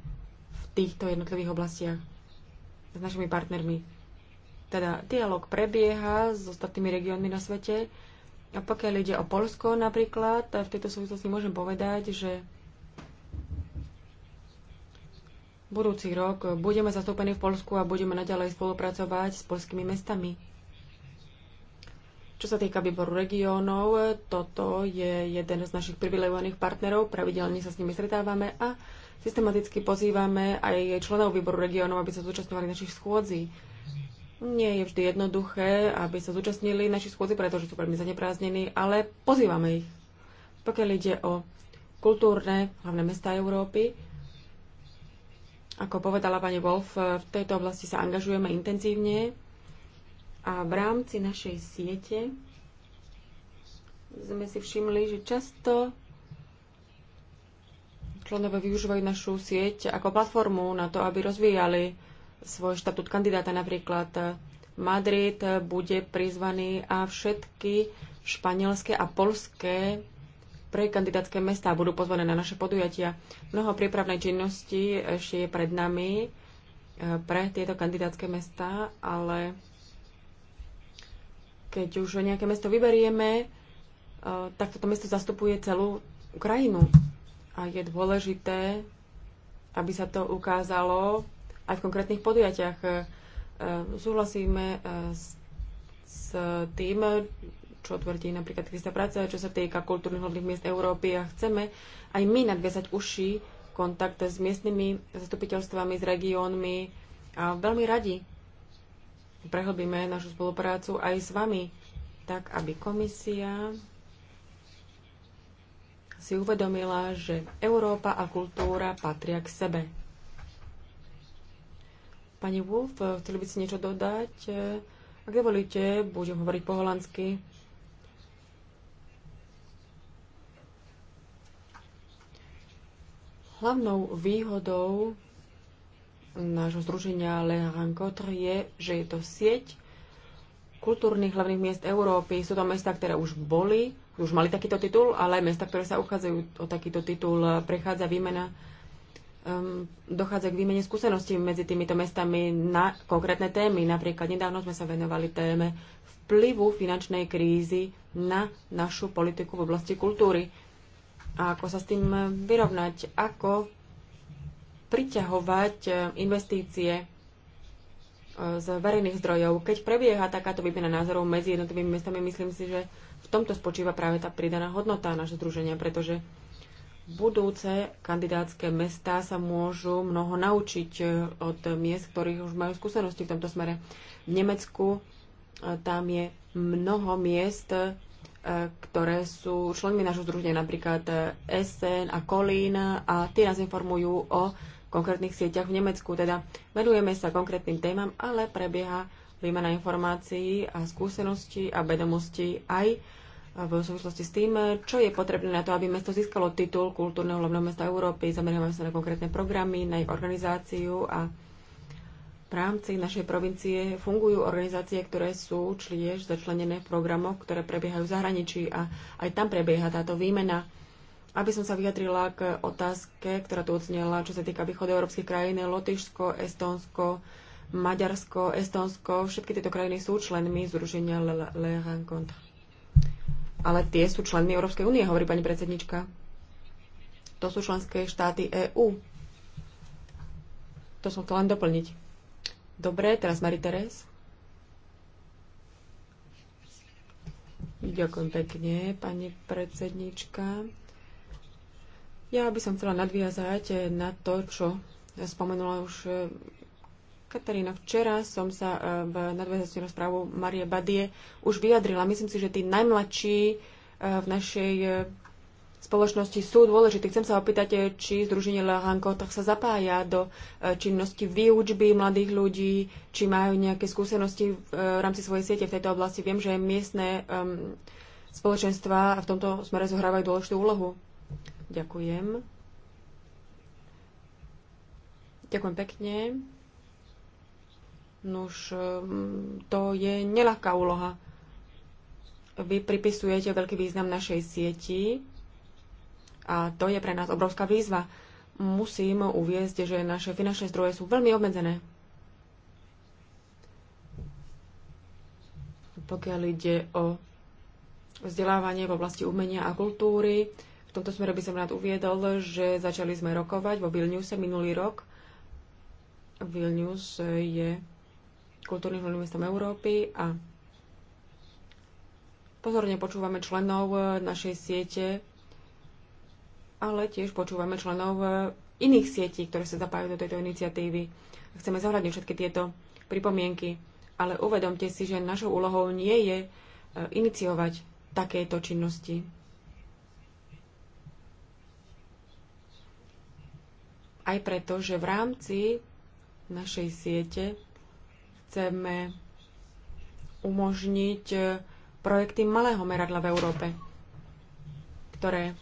v týchto jednotlivých oblastiach s našimi partnermi. Teda dialog prebieha s ostatnými regiónmi na svete. A pokiaľ ide o Polsko napríklad, v tejto súvislosti môžem povedať, že budúci rok budeme zastúpení v Polsku a budeme naďalej spolupracovať s polskými mestami čo sa týka výboru regiónov, toto je jeden z našich privilegovaných partnerov, pravidelne sa s nimi stretávame a systematicky pozývame aj členov výboru regiónov, aby sa zúčastňovali našich schôdzí. Nie je vždy jednoduché, aby sa zúčastnili naši schôdzi, pretože sú veľmi zaneprázdnení, ale pozývame ich. Pokiaľ ide o kultúrne hlavné mesta Európy, ako povedala pani Wolf, v tejto oblasti sa angažujeme intenzívne a v rámci našej siete sme si všimli, že často členové využívajú našu sieť ako platformu na to, aby rozvíjali svoj štatút kandidáta. Napríklad Madrid bude prizvaný a všetky španielské a polské pre kandidátske mestá budú pozvané na naše podujatia. Mnoho prípravnej činnosti ešte je pred nami eh, pre tieto kandidátske mestá, ale keď už nejaké mesto vyberieme, e, tak toto mesto zastupuje celú Ukrajinu. A je dôležité, aby sa to ukázalo aj v konkrétnych podujatiach. E, súhlasíme e, s, s tým, čo tvrdí napríklad Krista Práca, čo sa týka kultúrnych hodných miest Európy a chceme aj my nadviazať uši kontakt s miestnymi zastupiteľstvami, s regiónmi a veľmi radi prehlbíme našu spoluprácu aj s vami, tak aby komisia si uvedomila, že Európa a kultúra patria k sebe. Pani Wolf, chceli by si niečo dodať? Ak dovolíte, budem hovoriť po holandsky. Hlavnou výhodou nášho združenia Le Rancotre je, že je to sieť kultúrnych hlavných miest Európy. Sú to mesta, ktoré už boli, už mali takýto titul, ale aj mesta, ktoré sa uchádzajú o takýto titul. Prechádza výmena, um, dochádza k výmene skúseností medzi týmito mestami na konkrétne témy. Napríklad nedávno sme sa venovali téme vplyvu finančnej krízy na našu politiku v oblasti kultúry. A ako sa s tým vyrovnať, ako priťahovať e, investície e, z verejných zdrojov. Keď prebieha takáto výmena názorov medzi jednotlivými mestami, myslím si, že v tomto spočíva práve tá pridaná hodnota naše združenia, pretože budúce kandidátske mestá sa môžu mnoho naučiť e, od miest, ktorých už majú skúsenosti v tomto smere. V Nemecku tam je mnoho miest, ktoré sú členmi nášho združenia, napríklad Essen a Kolín a tie nás informujú o konkrétnych sieťach v Nemecku. Teda venujeme sa konkrétnym témam, ale prebieha výmena informácií a skúseností a vedomostí aj v súvislosti s tým, čo je potrebné na to, aby mesto získalo titul kultúrneho hlavného mesta Európy. Zameriavame sa na konkrétne programy, na ich organizáciu a v rámci našej provincie fungujú organizácie, ktoré sú tiež začlenené v programoch, ktoré prebiehajú v zahraničí a aj tam prebieha táto výmena aby som sa vyjadrila k otázke, ktorá tu odznela, čo sa týka európskych krajín, Lotyšsko, Estónsko, Maďarsko, Estonsko. všetky tieto krajiny sú členmi Združenia Le Rencontre. Ale tie sú členmi Európskej únie, hovorí pani predsednička. To sú členské štáty EÚ. To som chcela len doplniť. Dobre, teraz Marie-Therese. Ďakujem pekne, pani predsednička. Ja by som chcela nadviazať eh, na to, čo spomenula už eh, Katarína. Včera som sa eh, v nadviazací na správu Marie Badie už vyjadrila. Myslím si, že tí najmladší v našej spoločnosti sú dôležití. Chcem sa opýtať, či Združenie Lehanko tak sa zapája do činnosti výučby mladých ľudí, či majú nejaké skúsenosti v rámci svojej siete v tejto oblasti. Viem, že miestne ehm, spoločenstva v tomto smere zohrávajú dôležitú úlohu. Ďakujem. Ďakujem pekne. Nuž, um, to je nelahká úloha. Vy pripisujete veľký význam našej sieti a to je pre nás obrovská výzva. Musím uviezť, že naše finančné zdroje sú veľmi obmedzené. Pokiaľ ide o vzdelávanie v oblasti umenia a kultúry, v tomto smere by som rád uviedol, že začali sme rokovať vo Vilniuse minulý rok. Vilnius je kultúrnym hlavným mestom Európy a pozorne počúvame členov našej siete, ale tiež počúvame členov iných sietí, ktoré sa zapájajú do tejto iniciatívy. Chceme zohľadniť všetky tieto pripomienky, ale uvedomte si, že našou úlohou nie je e, iniciovať takéto činnosti. aj preto, že v rámci našej siete chceme umožniť e, projekty malého meradla v Európe, ktoré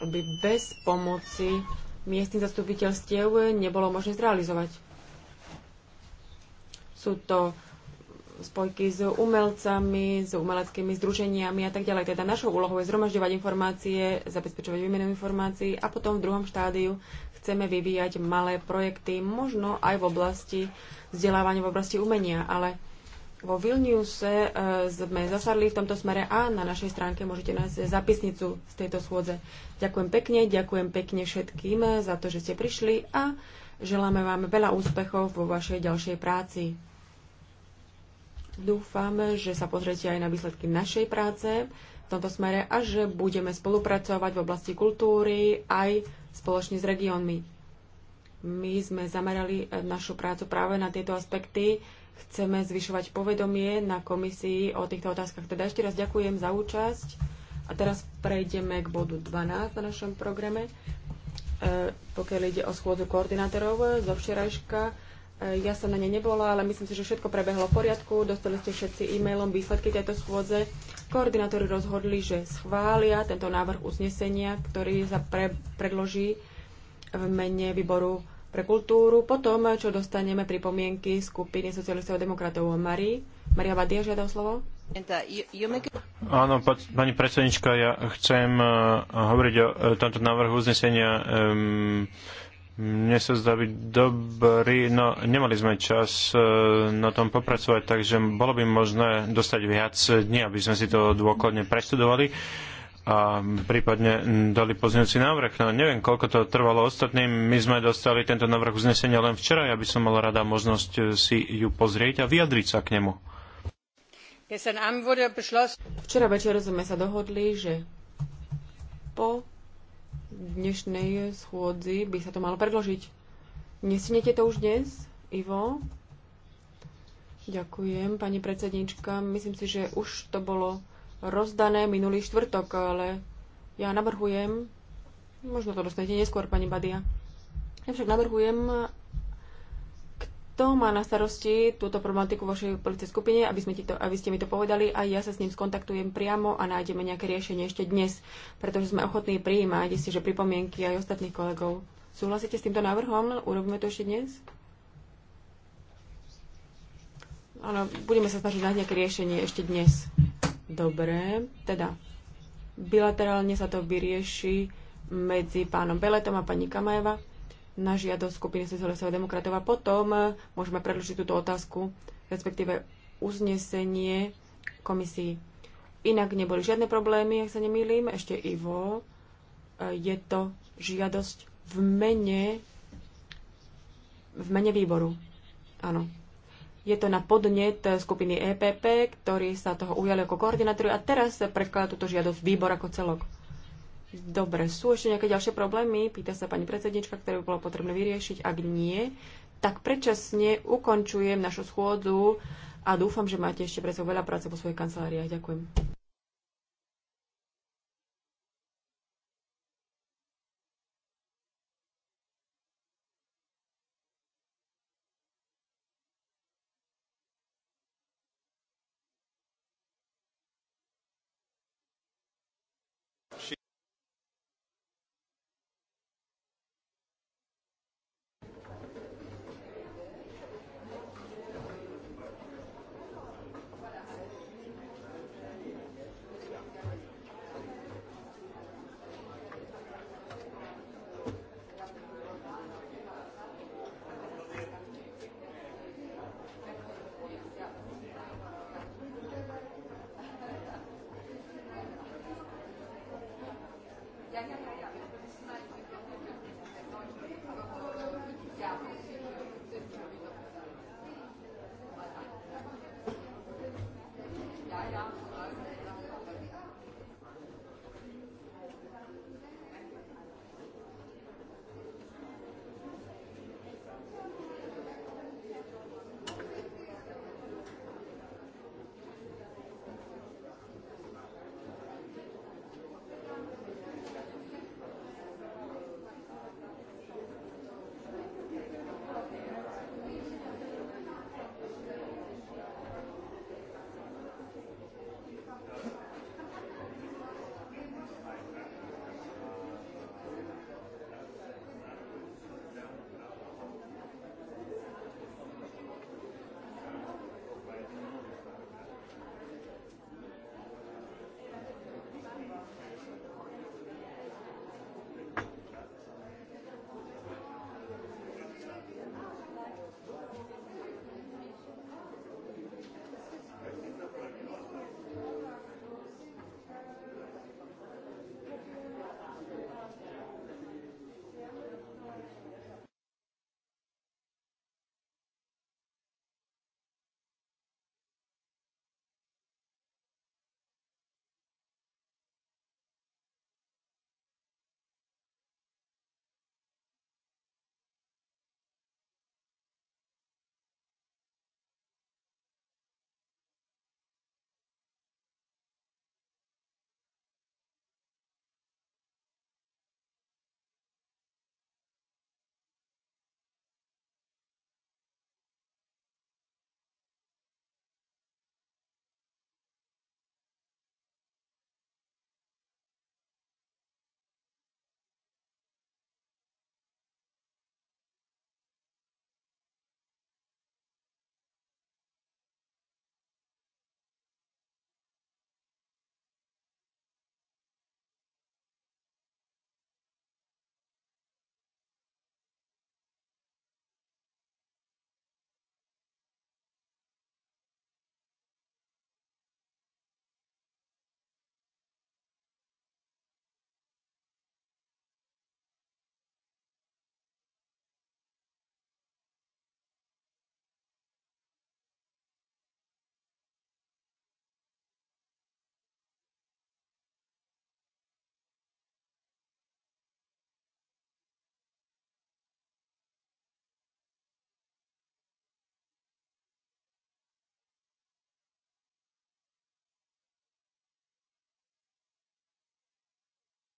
by bez pomoci miestnych zastupiteľstiev nebolo možné zrealizovať. Sú to spojky s umelcami, s umeleckými združeniami a tak ďalej. Teda našou úlohou je zhromažďovať informácie, zabezpečovať výmenu informácií a potom v druhom štádiu chceme vyvíjať malé projekty, možno aj v oblasti vzdelávania, v oblasti umenia, ale vo Vilniuse e, sme zasadli v tomto smere a na našej stránke môžete nájsť zapisnicu z tejto schôdze. Ďakujem pekne, ďakujem pekne všetkým za to, že ste prišli a želáme vám veľa úspechov vo vašej ďalšej práci. Dúfam, že sa pozriete aj na výsledky našej práce v tomto smere a že budeme spolupracovať v oblasti kultúry aj spoločne s regiónmi. My sme zamerali eh, našu prácu práve na tieto aspekty. Chceme zvyšovať povedomie na komisii o týchto otázkach. Teda ešte raz ďakujem za účasť. A teraz prejdeme k bodu 12 na našom programe. E, pokiaľ ide o schôdzu koordinátorov zo včerajška, E, ja som na ne nebola, ale myslím si, že všetko prebehlo v poriadku. Dostali ste všetci e-mailom výsledky tejto schôdze. Koordinátori rozhodli, že schvália tento návrh uznesenia, ktorý sa pre, predloží v mene výboru pre kultúru. Potom, čo dostaneme pripomienky skupiny socialistov a demokratov Marii. Maria Vadia žiada o slovo. Áno, pani predsednička, ja chcem eh, hovoriť o eh, tomto návrhu uznesenia. Um, mne sa zdá byť dobrý, no nemali sme čas e, na tom popracovať, takže bolo by možné dostať viac dní, aby sme si to dôkladne preštudovali a prípadne dali pozňujúci návrh. No neviem, koľko to trvalo ostatným. My sme dostali tento návrh uznesenia len včera. Ja by som mal rada možnosť e, si ju pozrieť a vyjadriť sa k nemu. Včera večer sme sa dohodli, že po dnešnej schôdzi by sa to malo predložiť. Nesnete to už dnes, Ivo? Ďakujem, pani predsednička. Myslím si, že už to bolo rozdané minulý štvrtok, ale ja navrhujem, možno to dostanete neskôr, pani Badia, ja však navrhujem, kto má na starosti túto problematiku vo vašej policie skupine, aby, sme ti to, aby ste mi to povedali a ja sa s ním skontaktujem priamo a nájdeme nejaké riešenie ešte dnes, pretože sme ochotní prijímať si, že pripomienky aj ostatných kolegov. Súhlasíte s týmto návrhom? Urobíme to ešte dnes? Áno, budeme sa snažiť nájsť nejaké riešenie ešte dnes. Dobre, teda bilaterálne sa to vyrieši medzi pánom Beletom a pani Kamajeva na žiadosť skupiny socialistov a demokratov. A potom eh, môžeme predložiť túto otázku, respektíve uznesenie komisii. Inak neboli žiadne problémy, ak sa nemýlim. Ešte Ivo, eh, je to žiadosť v mene, v mene výboru. Áno. Je to na podnet skupiny EPP, ktorý sa toho ujali ako koordinátor a teraz prekladá túto žiadosť výbor ako celok. Dobre, sú ešte nejaké ďalšie problémy? Pýta sa pani predsednička, ktoré by bolo potrebné vyriešiť. Ak nie, tak predčasne ukončujem našu schôdzu a dúfam, že máte ešte pre veľa práce po svojej kanceláriách. Ďakujem.